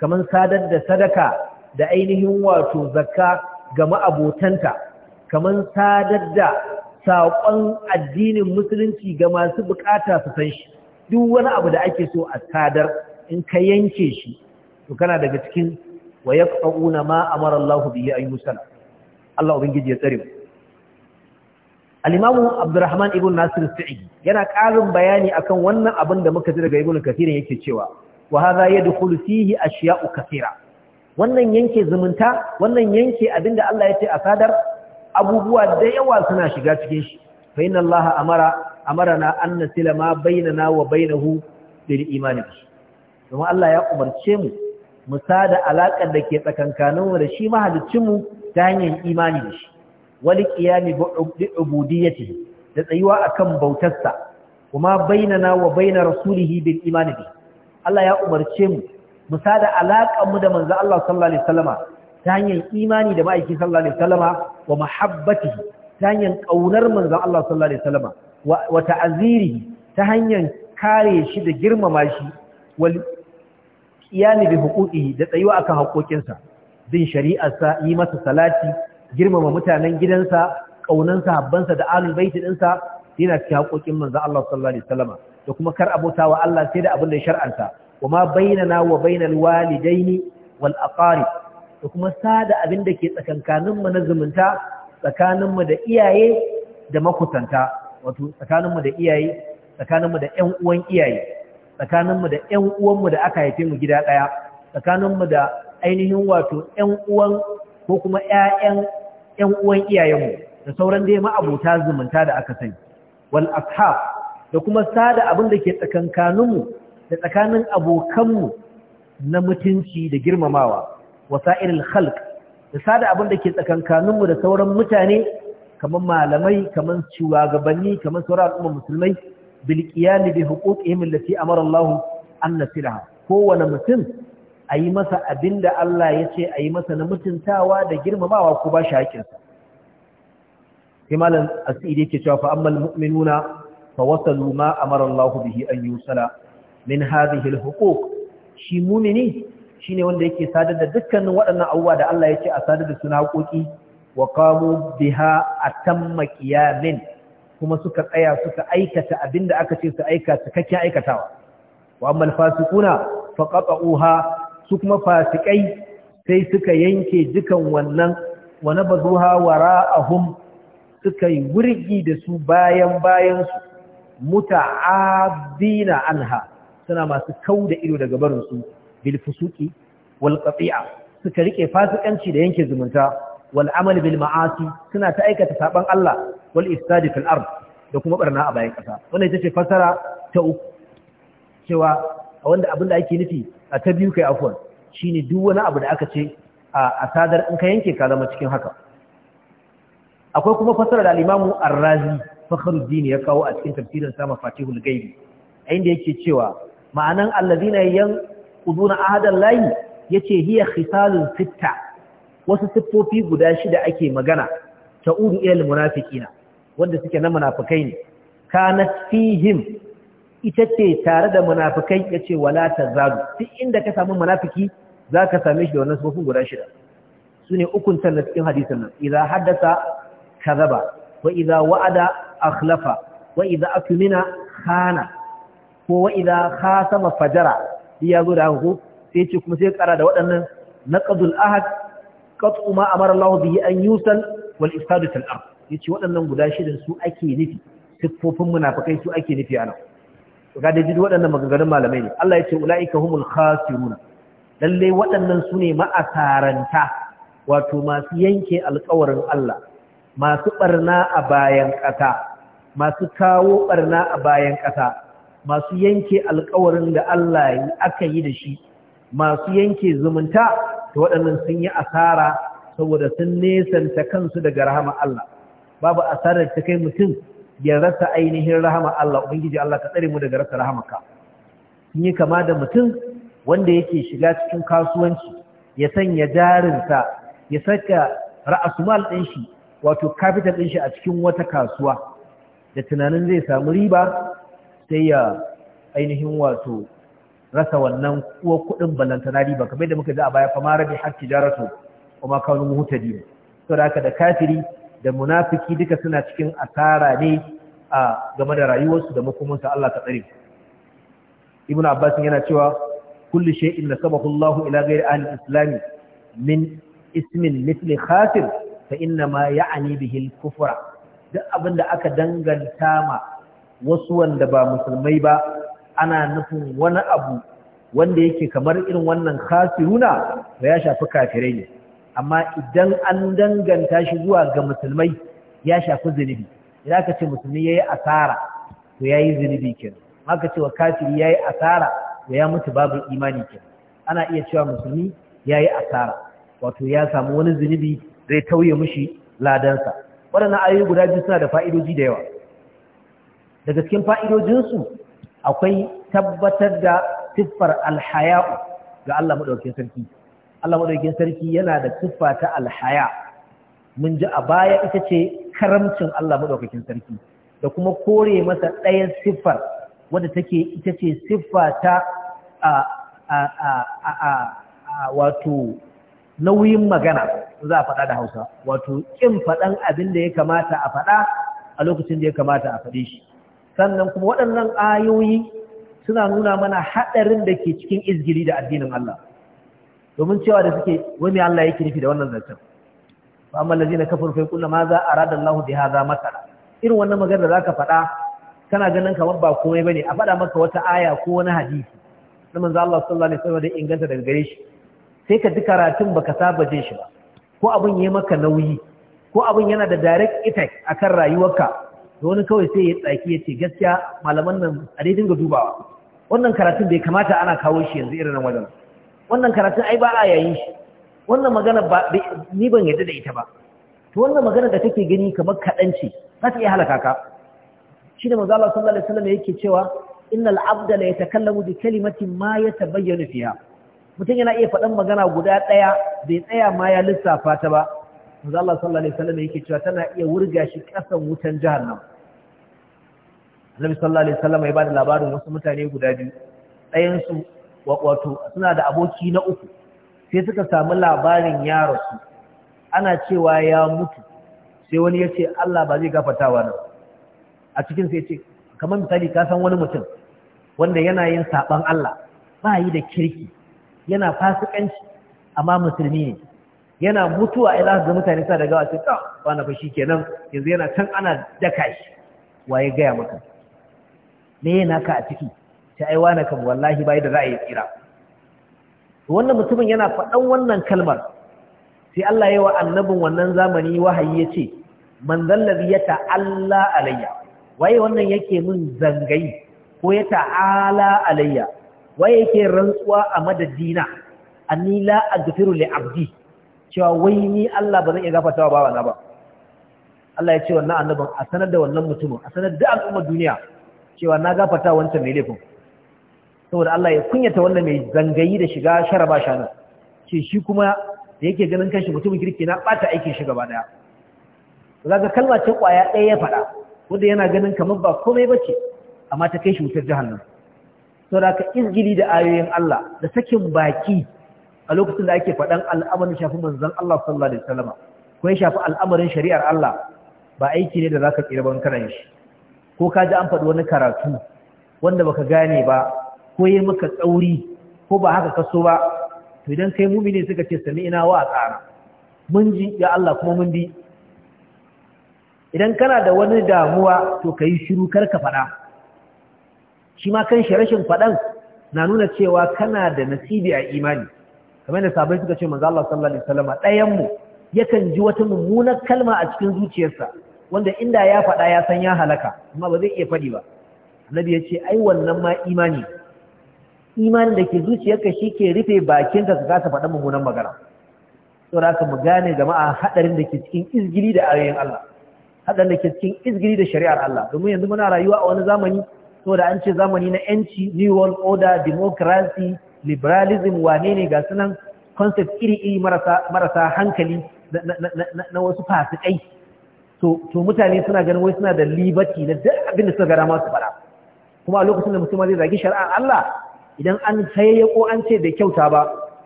kamar sadar da sadaka da ainihin wato zakka ga ma'abotanta kamar sadar da saƙon addinin musulunci ga masu buƙata su san shi duk wani abu da ake so a sadar in ka yanke shi to kana daga cikin wa yaqtauna ma amara Allahu bihi ayyusala Allah ubangiji ya tsare mu al-imamu abdurrahman ibn nasir sa'idi yana ƙarin bayani akan wannan abin da muka ji daga ibn kathir yake cewa wa hadha yadkhulu a ashiya'u kathira wannan yanke zumunta wannan yanke abinda Allah ya ce a sadar abubuwa da yawa suna shiga cikin shi fa inna Allah amara na an nasila ma bainana wa bainahu bil imani kuma Allah ya umarce mu mu sada alakar da ke tsakankanin da shi mahaliccin mu ta hanyar imani da shi wal qiyami bi ubudiyyati da tsayuwa akan bautarsa kuma bainana wa baina rasulihi bin iman bi Allah ya umarce mu mu sada alaƙar mu da manzo Allah sallallahu alaihi wasallama ta hanyar imani da ma'aiki sallallahu alaihi wasallama wa mahabbatihi ta hanyar kaunar manzo Allah sallallahu alaihi wasallama wa ta'azirihi ta hanyar kare shi da girmama shi wal qiyami bi huquqihi da tsayuwa akan haƙoƙinsa bin shari'arsa yi masa salati girmama mutanen gidansa ƙaunansa, habbansa da alul baiti ɗinsa yana cikin haƙoƙin manzo Allah sallallahu alaihi wasallam da kuma kar abota wa Allah sai da abin da shar'anta wa ma bainana wa bainal walidaini wal aqarib da kuma sada abin da ke tsakankanin mu na zumunta tsakanin mu da iyaye da makusanta wato tsakanin mu da iyaye tsakanin mu da ƴan uwan iyaye tsakanin mu da ƴan uwan mu da aka haife mu gida ɗaya tsakanin mu da ainihin wato ƴan uwan ko kuma ƴaƴan Yan uwan iyayenmu da sauran dai ma'abuta zumunta da aka sani wal ashab da kuma sada abin da ke tsakankaninmu da tsakanin abokanmu na mutunci da girmamawa wasa'ilul khalq da sada abin da ke tsakankaninmu da sauran mutane kamar malamai kamar shugabanni kamar sauran al'umma musulmai bil qiyam bi huquqihim allati amara an kowane mutum a yi masa abin da Allah ya ce a yi masa na mutuntawa da girmamawa ko ba shi haƙinsa sai asiri yake cewa fa mu'minuna fa wasalu ma amara Allah bihi an yusala min hadhihi al shi mu'mini shine wanda yake sadar da dukkanin waɗannan abubuwa da Allah ya ce a sadar da suna haƙoƙi wa qamu biha atamma qiyamin kuma suka tsaya suka aikata abinda aka ce su aika cikakken aikatawa wa amma alfasiquna faqata'uha su kuma fasikai sai suka yanke dukan wannan wa nabazuha wara'ahum suka yi wurgi da su bayan bayan su abina anha suna masu kauda ido daga barin su bil fusuqi wal qati'a suka rike fasikanci da yanke zumunta wal amal bil ma'asi suna ta aikata saban Allah wal istadi fil ard da kuma barna a bayan kasa wannan ita ce fasara ta uku cewa wanda abinda ake nufi a ta biyu kai Shi ne duk wani abu da aka ce a sadar in ka yanke ka zama cikin haka akwai kuma fasara da al-Imam Ar-Razi ya kawo a cikin tafsirin sa Mafatihul gaibi inda yake cewa ma'anan allazina yan alladhina ahadan ya yace hiya khisalun sitta wasu siffofi guda shida ake magana ta uru ilal munafiqina wanda suke na munafikai ne kanat fihim ita ce tare da munafikai ya ce wala tazalu duk inda ka samu munafiki za ka same shi da wannan sufofin guda shida su ne ukun can cikin hadisin nan idza haddasa kazaba wa idan wa'ada akhlafa wa idan akmina khana ko wa idza khasama fajara ya zo da hako sai ce kuma sai kara da waɗannan naqdul ahad qat'u ma amara Allah bihi an yusal wal ifsadu fil ard yace waɗannan guda shida su ake nufi siffofin munafikai su ake nufi nan ga da jidu waɗannan maganganun malamai ne Allah ya ce ula'ika humul khasirun lalle waɗannan su ne ma'asaranta wato masu yanke alƙawarin Allah masu barna a bayan ƙasa masu kawo barna a bayan ƙasa masu yanke alƙawarin da Allah ya aka yi da shi masu yanke zumunta da waɗannan sun yi asara saboda sun nesanta kansu daga rahama Allah babu asarar ta kai mutum ya rasa ainihin rahama Allah ubangiji Allah ka tsare mu daga rasa rahamaka sun yi kama da mutum wanda yake shiga cikin kasuwanci ya sanya jarinsa ya saka ra'asumal ɗin shi wato capital ɗin shi a cikin wata kasuwa da tunanin zai samu riba sai ya ainihin wato rasa wannan kuwa kuɗin na riba kamar da muka ji a baya fama rabi har tijaratu kuma kanu muhtadi saboda haka da kafiri da munafiki duka suna cikin asara ne a game da rayuwarsu da makomansa Allah ta tsare Ibn Abbas yana cewa kullu shay'in sabahu Allahu ila ghairi ahli al-islam min ismin mithli khatir fa inna ma ya'ni bihi al-kufra duk abinda aka danganta ma wasu wanda ba musulmai ba ana nufin wani abu wanda yake kamar irin wannan khasiruna ba ya shafi kafirai ne amma idan an danganta shi zuwa ga musulmai ya shafi zunubi idan aka ce musulmi ya yi asara to ya yi zunubi kenan aka ce wa kafiri yi asara to ya mutu babu imani kenan ana iya cewa musulmi ya yi asara wato ya samu wani zunubi zai tauye mishi ladansa waɗannan ayoyi guda biyu suna da fa'idoji da yawa daga cikin fa'idojinsu akwai tabbatar da siffar alhaya'u ga Allah maɗaukin sarki Allah madaukakin sarki yana da siffa ta alhaya mun ji a baya ita ce karamcin Allah madaukakin sarki da kuma kore masa ɗayan siffar wadda take ita ce siffa ta wato nauyin magana za a faɗa da hausa wato kin faɗan abin da ya kamata a faɗa a lokacin da ya kamata a faɗe shi sannan kuma waɗannan ayoyi suna nuna mana haɗarin da ke cikin izgili da addinin Allah domin cewa da suke wani Allah yake nufi da wannan zancen fa amma na kafaru fa yaqulu ma za a arada Allahu bi hadha masala irin wannan magana da ka faɗa kana ganin kamar ba komai bane a faɗa maka wata aya ko wani hadisi na manzo Allah sallallahu alaihi wasallam da inganta daga gare shi sai ka ji karatun baka saba je shi ba ko abin yayi maka nauyi ko abin yana da direct effect akan rayuwarka da wani kawai sai ya tsaki ya ce gaskiya malaman nan a dai dinga dubawa wannan karatun bai kamata ana kawo shi yanzu irin nan wajen wannan karatun ai ba a yayin shi wannan magana ba ni ban yadda da ita ba to wannan magana da kake gani kamar kaɗan ce za ta iya halaka ka shi da manzo Allah sallallahu alaihi wasallam yake cewa innal abda la yatakallamu bi kalimatin ma yatabayyanu fiha mutum yana iya faɗan magana guda ɗaya bai tsaya ma ya lissafa ta ba manzo Allah sallallahu alaihi wasallam yake cewa tana iya wurga shi ƙasan wutan jahannam Annabi sallallahu alaihi wasallam ya bada labarin wasu mutane guda biyu ɗayan su wato suna da aboki na uku sai suka samu labarin ya rasu ana cewa ya mutu sai wani ya ce Allah ba zai gafatawa nan a cikin sai ce kamar misali ka san wani mutum wanda yana yin saban Allah ba yi da kirki yana fasikanci amma musulmi ne yana mutuwa a ga mutane sa daga gawa sai ta ah, na fa kenan yanzu yana can ana daka shi waye gaya maka me yana ka a ciki ta aiwa na kan wallahi bai da za a yi tsira wannan mutumin yana faɗan wannan kalmar sai Allah ya yi wa annabin wannan zamani wahayi ya ce man zallabi ya ta'alla alayya waye wannan yake min zangayi ko ya ta'ala alayya waye yake rantsuwa a madadina anni la aghfiru li abdi cewa wai ni Allah ba zan iya gafartawa bawa na ba Allah ya ce wannan annabin a sanar da wannan mutumin a sanar da al'ummar duniya cewa na gafarta wancan mai laifin saboda Allah ya kunyata wannan mai zangayi da shiga sharaba shanu ce shi kuma da yake ganin kanshi mutumin kirki na bata aikin shi gaba daya za ka kalma ta kwaya ɗaya ya faɗa wanda yana ganin kamar ba komai ce, amma ta kai shi wutar Sau da ka izgili da ayoyin Allah da sakin baki a lokacin da ake faɗan al'amarin shafi manzan Allah sallallahu alaihi wasallam ko ya shafi al'amarin shari'ar Allah ba aiki ne da za ka ban kana shi ko ka ji an faɗi wani karatu wanda baka gane ba ko yi maka tsauri ko ba haka kaso ba to idan kai mumini suka ce sami ina wa a tsara mun ji ya Allah kuma mun bi idan kana da wani damuwa to ka yi shiru kar ka faɗa shi ma kan shi rashin faɗan na nuna cewa kana da nasibi a imani kamar da sabai suka ce manzo Allah sallallahu alaihi wasallam ɗayan mu yakan ji wata mummunar kalma a cikin zuciyarsa wanda inda ya faɗa ya san ya halaka amma ba zai iya faɗi ba annabi ya ce ai wannan ma imani imani da ke zuciyarka shi ke rufe bakinka ka kasa faɗa mummunan magana da aka mu gane jama'a haɗarin da ke cikin izgiri da ayoyin Allah haɗarin da ke cikin izgiri da shari'ar Allah domin yanzu muna rayuwa a wani zamani da an ce zamani na yanci new world order democracy liberalism wane ne ga sunan concept iri-iri marasa hankali na wasu fasikai to mutane suna ganin wai suna da liberty na duk abin da suka gara masu fara kuma a lokacin da mutum zai zagi shari'ar Allah idan an ko an ce bai kyauta ba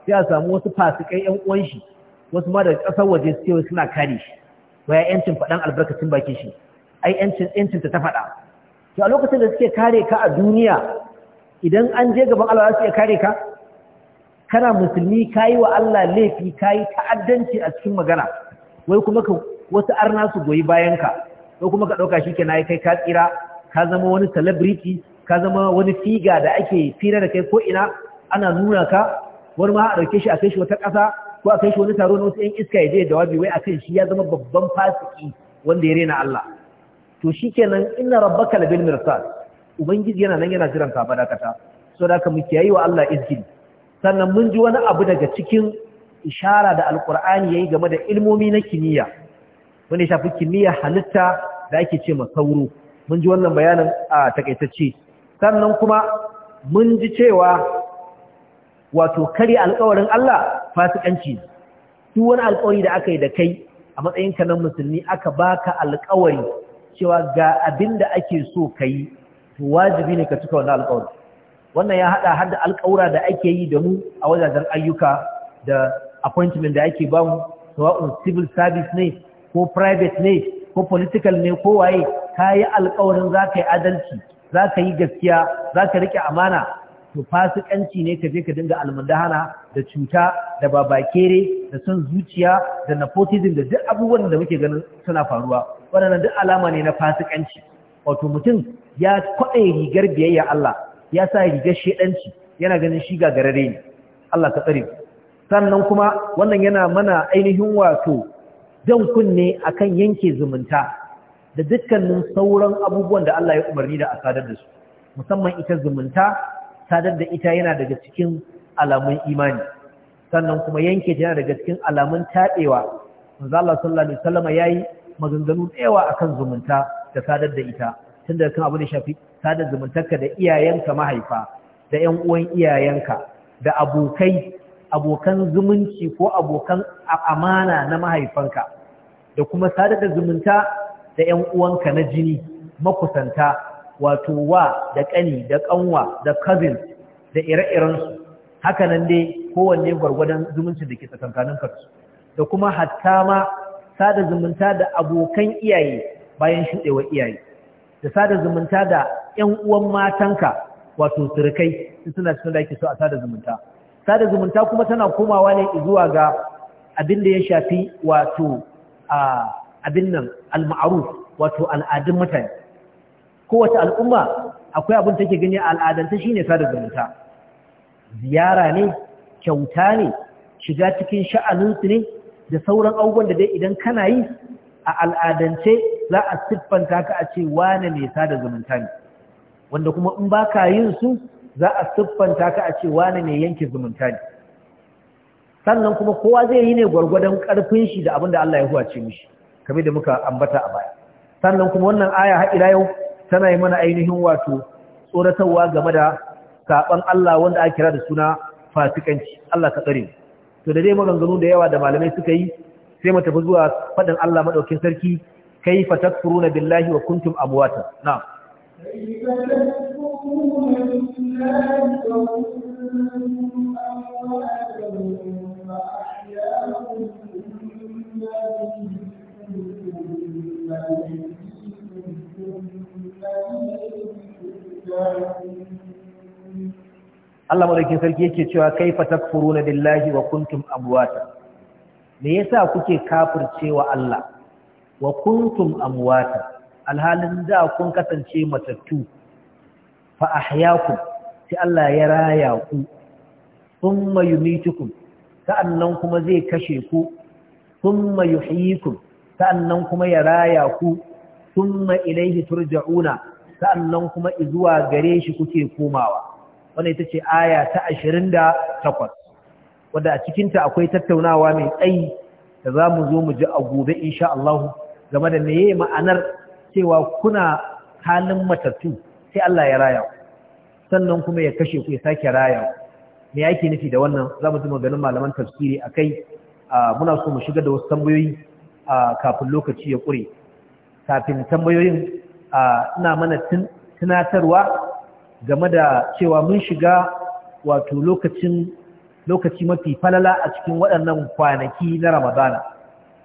sai a samu wasu fasikai yan uwan shi wasu ma da ƙasar waje su suna kare shi ya yancin faɗan albarkacin bakin shi ai yancin yancin ta faɗa to a lokacin da suke kare ka a duniya idan an je gaban Allah za su iya kare ka kana musulmi kayi wa Allah laifi kayi ta'addanci a cikin magana wai kuma ka wasu arna su goyi bayan ka ko kuma ka ɗauka shi kenan kai ka tsira ka zama wani celebrity ka zama wani figa da ake fira da kai ko ina ana nuna ka wani ma a ɗauke shi a kai shi wata ƙasa ko a kai shi wani taro na wasu 'yan iska ya je jawabi wai akan shi ya zama babban fasiki wanda ya rena Allah to shikenan inna rabbaka bil mirsal ubangiji yana nan yana jiran ka kata so da ka mu kiyayi wa Allah izgil sannan mun ji wani abu daga cikin ishara da alqur'ani yayi game da ilmomi na kimiyya wanda ya shafi kimiyya halitta da ake ce ma sauro mun ji wannan bayanin a takaitacce sannan kuma mun ji cewa wato kari alƙawarin Allah fasikanci ne duk wani alƙawari da aka yi da kai a matsayin na musulmi aka baka alƙawari cewa ga abin da ake so ka yi wajibi ne ka cika wannan alkawari wannan ya haɗa har da alkawura da ake yi da mu a wajajen ayyuka da appointment da ake bamu sawa'un civil service ne ko private ne ko political ne ko waye ka yi alkawarin za yi adalci za ka yi gaskiya za ka riƙe amana to fasikanci ne ka je ka dinga almundahana da cuta da babakere da son zuciya da nepotism da duk abubuwan da muke ganin suna faruwa waɗannan duk alama ne na fasikanci wato mutum ya kwaɗe rigar biyayya Allah ya sa rigar shedanci yana ganin shi gagarare ne Allah ka tsare sannan kuma wannan yana mana ainihin wato dan kunne akan yanke zumunta da dukkanin sauran abubuwan da Allah ya umarni da a sadar da su musamman ita zumunta sadar da ita yana daga cikin alamun imani sannan kuma yanke ta yana daga cikin alamun taɓewa manzo Allah sallallahu alaihi wasallam yayi maganganu tsewa akan zumunta da sadar da ita tunda kan abu da shafi sadar zumuntarka da iyayenka mahaifa da ƴan uwan iyayenka da abokai abokan zumunci ko abokan amana na mahaifanka da kuma sadar da zumunta da ‘yan uwanka na jini makusanta wato wa da ƙani da ƙanwa da kazin da ire-irensu haka nan dai kowanne gwargwadon zumunci da ke tsakankanin karsu da kuma hatta ma sada zumunta da abokan iyaye bayan shuɗewar iyaye da sada zumunta da ‘yan uwan matanka wato surukai suna cikin da ake so a sada zumunta sada zumunta kuma tana komawa ne zuwa ga abin da ya shafi wato a abin nan al wato al'adun mutane kowace al'umma akwai abin take gani a shi shine sada zumunta ziyara ne kyauta ne shiga cikin su ne da sauran abubuwan da dai idan kana yi a al'adance za a siffanta ka a ce wane ne sada zumunta ne wanda kuma in ba ka yin su za a siffanta ka a ce wane ne yanke zumunta ne sannan kuma kowa zai yi ne gwargwadon ƙarfin shi da abin da Allah ya huwace mishi kamar da muka ambata a baya sannan kuma wannan aya har ila yau tana yi mana ainihin wato tsoratarwa game da saban Allah wanda ake kira da suna fasikanci Allah ka tsare to da dai maganganu da yawa da malamai suka yi sai mu tafi zuwa fadin Allah madaukakin sarki kaifa takfuruna billahi wa kuntum amwata na'am you. Allah madaukin sarki yake cewa kaifa takfuruna billahi wa kuntum amwata me yasa kuke kafircewa Allah wa kuntum amwata alhalin da kun kasance matattu fa ahyaakum sai Allah ya raya ku thumma yumitukum sa'annan kuma zai kashe ku thumma yuhyikum sa'annan kuma ya raya ku thumma ilayhi turja'una sa'annan kuma izuwa gare shi kuke komawa wannan ita ce aya ta ashirin da takwas. wanda a cikin ta akwai tattaunawa mai tsayi da zamu zo mu ji a gobe insha Allah game da meye ma'anar cewa kuna halin matatu sai Allah ya raya ku sannan kuma ya kashe ku ya sake raya ku me yake nufi da wannan zamu ji maganin malaman tafsiri akai ah, muna so mu shiga da wasu tambayoyi kafin lokaci ya ƙure kafin tambayoyin ina mana tunatarwa game da cewa mun shiga wato lokacin lokaci mafi falala a cikin waɗannan kwanaki na ramadana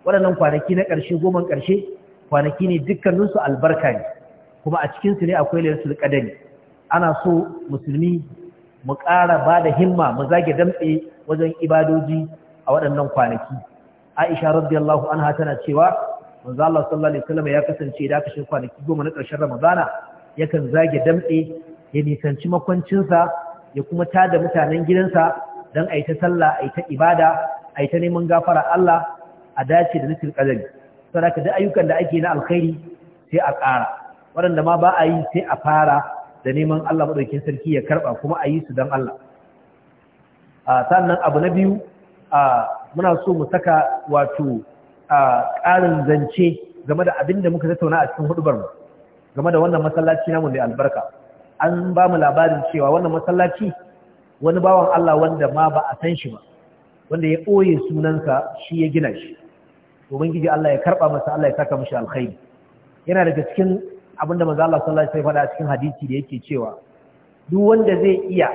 waɗannan kwanaki na ƙarshe goman ƙarshe kwanaki ne dukkaninsu albarka ne kuma a cikinsu ne akwai layarsul ƙadari ana so musulmi mu ƙara ba da himma mu zage damtse wajen ibadoji a waɗannan kwanaki Aisha radiyallahu anha tana cewa manzo Allah sallallahu alaihi wasallam ya kasance da kashin kwanaki goma na ƙarshen Ramadana yakan zage damɗe, ya nisanci makwancinsa ya kuma tada mutanen gidansa dan ayi ta sallah ayi ta ibada ayi ta neman gafara Allah a dace da nufin qadari saboda da ayyukan da ake na alkhairi sai a ƙara waɗanda ma ba a yi sai a fara da neman Allah madaukakin sarki ya karba kuma a yi su dan Allah sannan abu na biyu a muna so mu saka wato a ƙarin zance game da abin da muka tattauna a cikin hudubar mu game da wannan masallaci namu da albarka an ba mu labarin cewa wannan masallaci wani bawan Allah wanda ma ba a san shi ba wanda ya ɓoye sunansa shi ya gina shi ubangiji Allah ya karɓa masa Allah ya saka mishi alkhairi yana daga cikin abinda manzo Allah sallallahu alaihi wasallam ya faɗa a cikin hadisi da yake cewa duk wanda zai iya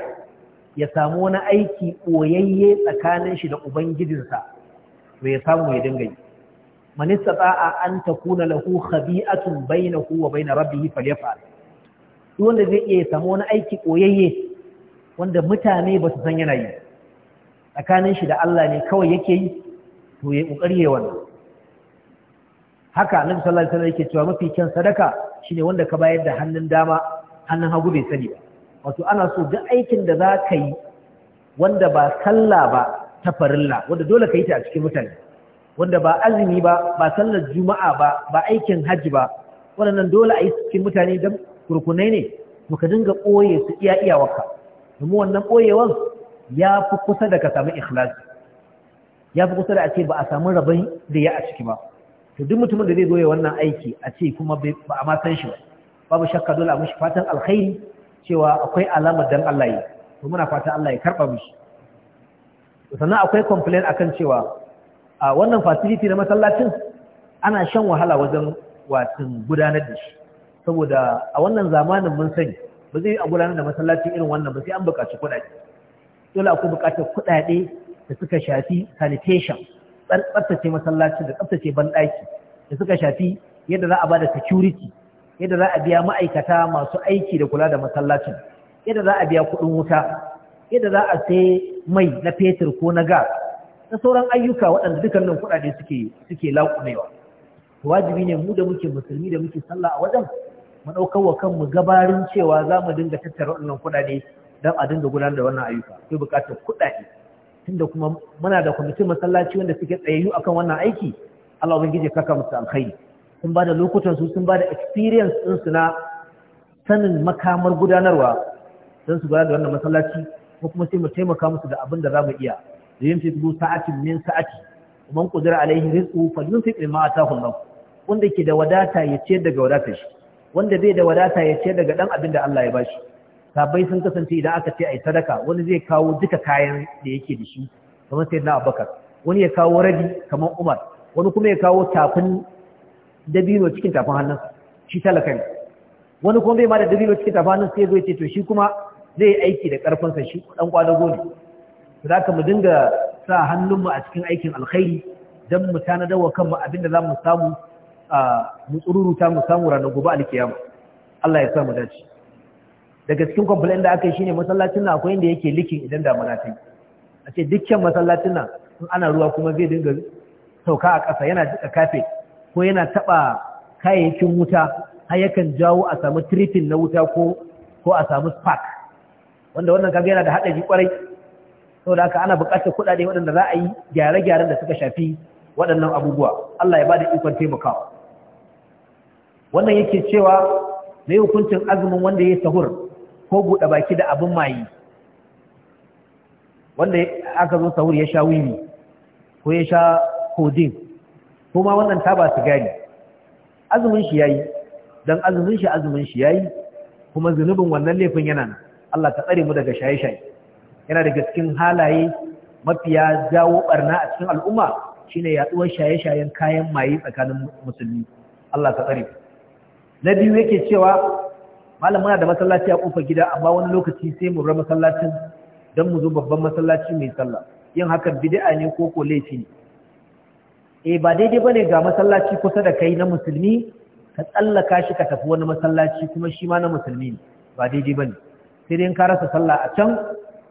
ya samu wani aiki ɓoyayye tsakanin shi da ubangijinsa to ya samu mai dinga yi man istata'a an kuna lahu khabi'atun ku wa bain rabbih falyaf'al duk wanda zai iya samu wani aiki ɓoyayye wanda mutane ba su san yana yi tsakanin shi da Allah ne kawai yake yi to ya kokari ya wannan haka annabi sallallahu alaihi wasallam yake cewa mafi kyan sadaka shine wanda ka bayar da hannun dama hannun hagu bai sani ba wato ana so duk aikin da za ka yi wanda ba sallah ba ta farilla wanda dole ka yi ta a cikin mutane wanda ba azumi ba ba sallar juma'a ba ba aikin hajji ba waɗannan dole a yi cikin mutane don kurkunai ne to ka dinga ɓoye su iya waka. domin wannan ɓoyewan ya fi kusa da ka samu ikhlasi ya fi kusa da a ce ba a samu rabon da ya a ciki ba to duk mutumin da zai zo ya wannan aiki a ce kuma ba a ma san shi ba babu shakka dole a mishi fatan alkhairi cewa akwai alamar dan Allah yi to muna fata Allah ya karba mishi sannan akwai complain kan cewa a wannan facility na masallacin ana shan wahala wajen watin gudanar da shi saboda a wannan zamanin mun sani ba zai a gudanar da masallacin irin wannan ba sai an buƙaci kuɗaɗe dole akwai buƙatar kuɗaɗe da suka shafi sanitation tsaftace masallacin da tsaftace banɗaki da suka shafi yadda za a ba da security yadda za a biya ma'aikata masu aiki da kula da masallacin yadda za a biya kuɗin wuta yadda za a sai mai na fetur ko na gas na sauran ayyuka waɗanda dukkanin kuɗaɗe suke suke laƙumewa wajibi ne mu da muke musulmi da muke sallah a wajen mu ɗaukar wa kanmu gabarin cewa za mu dinga tattara waɗannan kuɗaɗe don a dinga gudanar da wannan ayyuka akwai buƙatar kuɗaɗe tunda kuma muna da kwamitin masallaci wanda suke tsayayyu akan wannan aiki Allah ubangiji kaka musu alkhairi sun ba da lokutan su sun ba da experience su na sanin makamar gudanarwa don su bayar da wannan masallaci ko kuma sai mu taimaka musu da abin da za mu iya da yin fi zuwa sa'atin min sa'ati kuma ku alaihi rizqu fa yun fi ma atahu Allah wanda ke da wadata ya ce daga wadatar shi wanda bai da wadata ya ce daga dan abin da Allah ya bashi sabai sun kasance idan aka ce ai sadaka wani zai kawo duka kayan da yake da shi kamar sayyidina Abubakar wani ya kawo radi kamar Umar wani kuma ya kawo tafin dabino cikin tafin hannun shi talaka ne wani kuma bai ma da dabino cikin tafin hannun sai zai ce to shi kuma zai aiki da karfinsa shi dan kwana ne za ka mu dinga sa hannunmu a cikin aikin alkhairi don mu tanadar wa kanmu abinda za mu samu a mutsururuta mu samu ranar gobe alkiyama Allah ya sa mu dace daga cikin kwamfulin da aka yi shine masallacin nan akwai inda yake likin idan damuna ta yi a ce dukkan masallacin nan in ana ruwa kuma zai dinga sauka a ƙasa yana jika kafe ko yana taɓa kayayyakin wuta har yakan jawo a samu tripping na wuta ko ko a samu spark wanda wannan kaga yana da haɗari kwarai saboda haka ana buƙatar kuɗaɗe waɗanda za a yi gyare-gyaren da suka shafi waɗannan abubuwa Allah ya ba da ikon taimakawa wannan yake cewa na hukuncin azumin wanda ya yi sahur ko buɗe baki da abin mayi wanda aka zo sahur ya sha wiwi ko ya sha kodin ko ma wannan taba sigari azumin shi yayi dan azumin shi azumin shi yayi kuma zunubin wannan laifin yana nan Allah ta tsare mu daga shaye-shaye yana daga cikin halaye mafiya jawo barna a cikin al'umma shine yaduwar shaye-shayen kayan maye tsakanin musulmi Allah ta tsare na biyu yake cewa malam muna da masallaci a kofar gida amma wani lokaci sai mu ra masallacin dan mu zo babban masallaci mai sallah yin hakan bid'a ne ko ko laifi ne eh ba daidai bane ga masallaci kusa da kai na musulmi ka tsallaka shi ka tafi wani masallaci kuma shi ma na musulmi ne ba daidai bane sai dai ka rasa sallah a can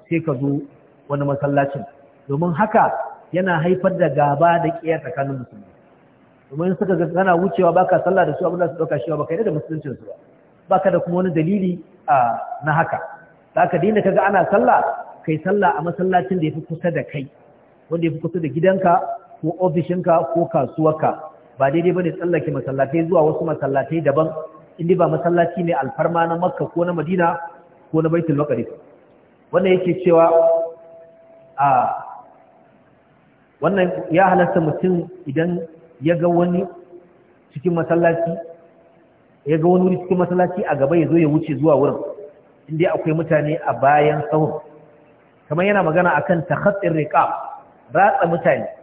sai ka zo wani masallacin domin haka yana haifar da gaba da ƙiyar tsakanin musulmi domin suka ga kana wucewa baka sallah da su abin da su dauka shi ba kai da musuluncin su ba. baka da kuma wani dalili na haka zaka daina kaga ana sallah kai sallah a masallacin da yafi kusa da kai wanda yafi kusa da gidanka ko ofishinka ko kasuwarka ba daidai bane tsallake masallatai zuwa wasu masallatai daban inda ba masallaci ne alfarma na makka ko na madina ko na baitul maqdis wannan yake cewa a wannan ya halatta mutum idan ya ga wani cikin masallaci ya ga wani cikin masallaci a gaba ya zo ya wuce zuwa wurin inda akwai mutane a bayan sahun kamar yana magana akan takhattir riqab ratsa mutane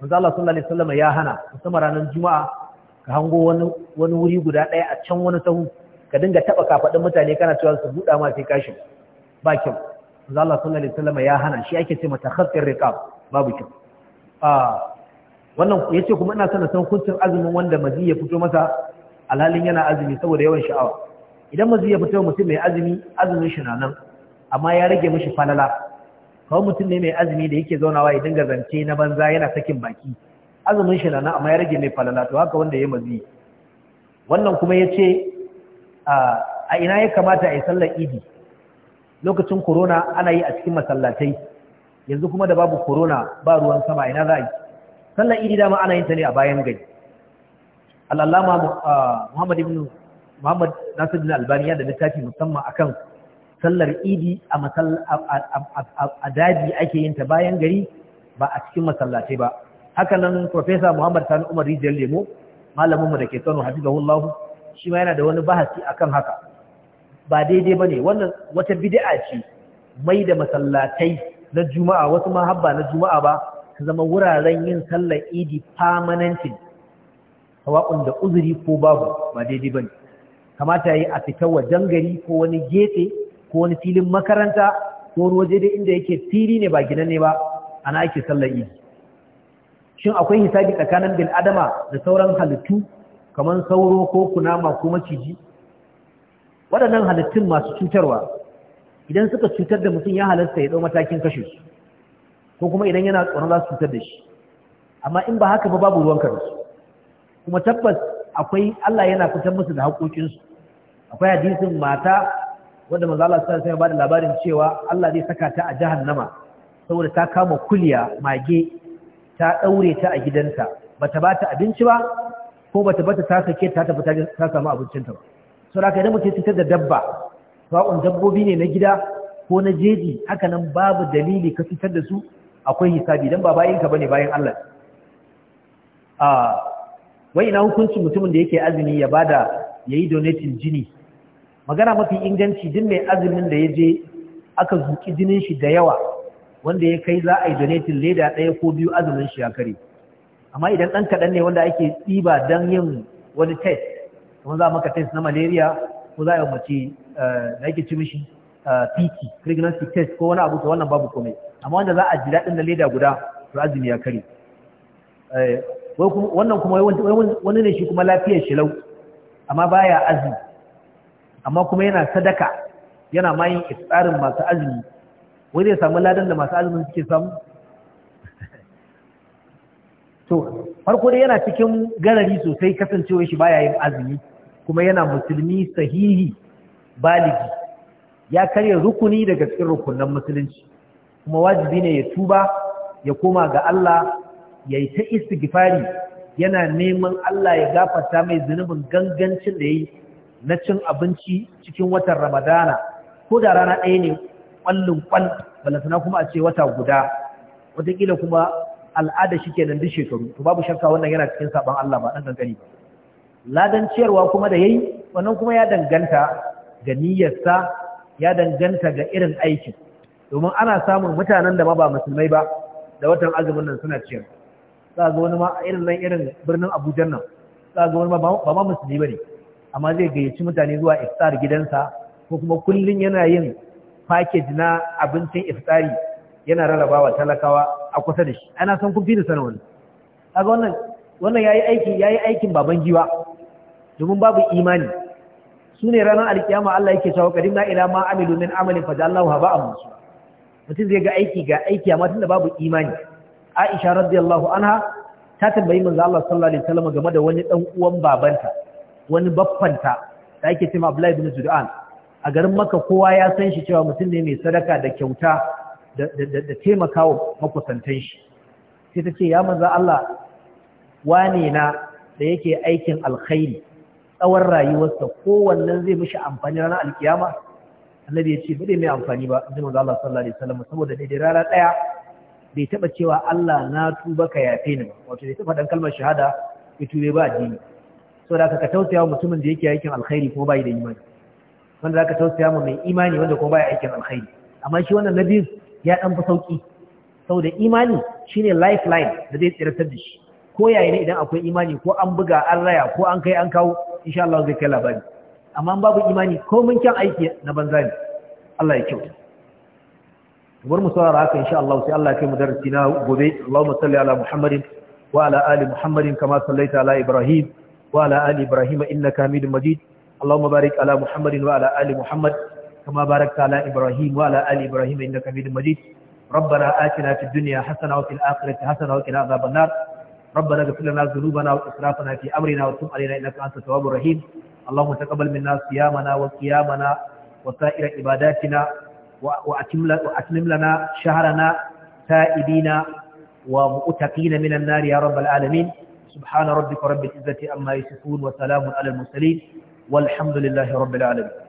manzo Allah sallallahu alaihi wasallam ya hana musamman ranar juma'a ka hango wani wuri guda ɗaya a can wani sahu ka dinga taɓa kafaɗin mutane kana cewa su buɗa ma sai kashi ba kyau manzo Allah sallallahu alaihi wasallam ya hana shi ake ce mata khaffir riqab babu kyau a wannan ce kuma ina son san kuncin azumin wanda mazi ya fito masa alhalin yana azumi saboda yawan sha'awa idan mazi ya fito mutum mai azumi azumin shi na nan amma ya rage mishi falala kawai mutum ne mai azumi da yake zaunawa idan ga zance na banza yana sakin baki azumin shi na amma ya rage mai falala to haka wanda ya mazi wannan kuma ya ce a ina ya kamata a yi sallar idi lokacin korona ana yi a cikin masallatai yanzu kuma da babu korona ba ruwan sama ina za a yi sallar idi dama ana yin ta ne a bayan gari al'allama muhammad ibn muhammad da littafi musamman akan sallar idi a daji ake yin ta bayan gari ba a cikin masallatai ba haka nan professor muhammad sani umar rijiyar lemo malaminmu da ke kano hafizahullahu shi ma yana da wani bahasi kan haka ba daidai ba ne wannan wata bid'a ce mai da masallatai na juma'a wasu ma habba na juma'a ba su zama wuraren yin sallar idi permanentin sawa'un da uzuri ko babu ba daidai ba ne kamata yi a fita wajen gari ko wani gefe ko wani filin makaranta ko wani waje dai inda yake fili ne ba gidan ne ba ana ake sallar idi shin akwai hisabi tsakanin bil adama da sauran halittu kamar sauro ko kunama ko maciji waɗannan halittun masu cutarwa idan suka cutar da mutum ya halarta ya ɗau matakin kashe su ko kuma idan yana tsoron za su cutar da shi amma in ba haka ba babu ruwan su kuma tabbas akwai Allah yana fitar musu da su akwai hadisin mata wanda manzo Allah sallallahu alaihi ya bada labarin cewa Allah zai saka ta a jahannama saboda ta kama kulya, mage ta daure ta a gidanta bata bata abinci ba ko bata bata ta sake ta tafi ta samu abincin ta ba kai idan mutum fitar da dabba sawa'un dabbobi ne na gida ko na jeji haka nan babu dalili ka fitar da su akwai hisabi dan ba bayan ka bane bayan Allah a ah, wai ina hukuncin mutumin da yake azumi ya bada yayi donating jini magana mafi inganci duk mai azumin da ya je aka zuki jinin shi da yawa wanda ya kai za a yi donatin leda ɗaya ko biyu azumin shi ya kare amma idan ɗan kaɗan ne wanda ake ɗiba don yin wani test kuma za maka test na malaria ko za a yi mace eh, da ake ci mishi eh, PT pregnancy test ko wani abu to wannan babu komai amma wanda za a ji daɗin na leda guda to azumi ya kare eh, wannan kuma wani ne shi kuma lafiyar shi lau amma baya azumi amma kuma yana sadaka yana ma yin tsarin masu azumi wai zai samu ladan da masu azumin suke samu <laughs> to farko dai yana cikin garari sosai kasancewa shi baya yin azumi kuma yana musulmi sahihi baligi ya karya rukuni daga cikin rukunan musulunci kuma wajibi ne ya tuba ya koma ga Allah ya yi ta istighfari yana neman Allah ya gafarta mai zunubin gangancin da ya yi na cin abinci cikin watan ramadana ko da rana ɗaya ne ƙwallin ƙwal balantana kuma a ce wata guda wataƙila kuma al'ada shi kenan duk shekaru to babu shakka wannan yana cikin saban Allah ba ɗan kankani ba ladan ciyarwa kuma da yayi wannan kuma ya danganta ga niyyarsa ya danganta ga irin aikin domin ana samun mutanen da ma ba musulmai ba da watan azumin nan suna ciyar za ga wani ma irin nan irin birnin Abuja nan za ga wani ma ba ma musulmi bane amma zai gayyaci mutane zuwa iftar gidansa ko kuma kullun yana yin package na abincin iftari yana wa talakawa a kusa da shi ana san kun fi da sanin kaga wannan wannan yayi aiki yayi aikin baban giwa domin babu imani su ne ranar alkiyama Allah yake cewa na? ila ma amilu min amalin jallahu haba mansura mutum zai ga aiki ga aiki amma tunda babu imani Aisha radiyallahu anha ta tambayi manzo Allah sallallahu alaihi wasallam game da wani dan uwan babanta wani baffanta da ake cewa Abdullahi ibn Zudan a garin Makka kowa ya san shi cewa mutum ne mai sadaka da kyauta da taimakawa makusantan shi sai ta ce ya manzo Allah wane na da yake aikin alkhairi tsawon rayuwarsa kowannen zai mishi amfani ranar alkiyama annabi ya ce ba mai amfani ba jin manzo Allah sallallahu alaihi wasallam saboda dai da rana daya bai taba cewa Allah na tuba ka yafe ni ba wato bai taba dan kalmar shahada ya tube ba addini saboda ka tausaya mutumin da yake aikin alkhairi kuma bai da imani wanda zaka tausaya mu mai imani wanda kuma bai aikin alkhairi amma shi wannan nabi ya dan fi sauki saboda imani shine lifeline da zai tsiratar da shi ko yayi ne idan akwai imani ko an buga an raya ko an kai an kawo insha Allah zai kai labari amma babu imani ko mun kyan aiki na banza ne Allah ya kyauta bar mu saurara haka insha Allah sai Allah ya kai mu darasi na gobe Allahumma salli ala Muhammadin wa ala ali Muhammadin kama sallaita ala Ibrahim وعلى آل إبراهيم إنك حميد مجيد اللهم بارك على محمد وعلى آل محمد كما باركت على إبراهيم وعلى آل إبراهيم إنك حميد مجيد ربنا آتنا في الدنيا حسنة وفي الآخرة حسنة وقنا عذاب النار ربنا اغفر لنا ذنوبنا وإسرافنا في أمرنا وتب علينا إنك أنت التواب الرحيم اللهم تقبل منا صيامنا وقيامنا وسائر عباداتنا وأتمم لنا شهرنا تائبين ومؤتقين من النار يا رب العالمين سبحان ربك رب العزة أما يسفون وسلام على المرسلين والحمد لله رب العالمين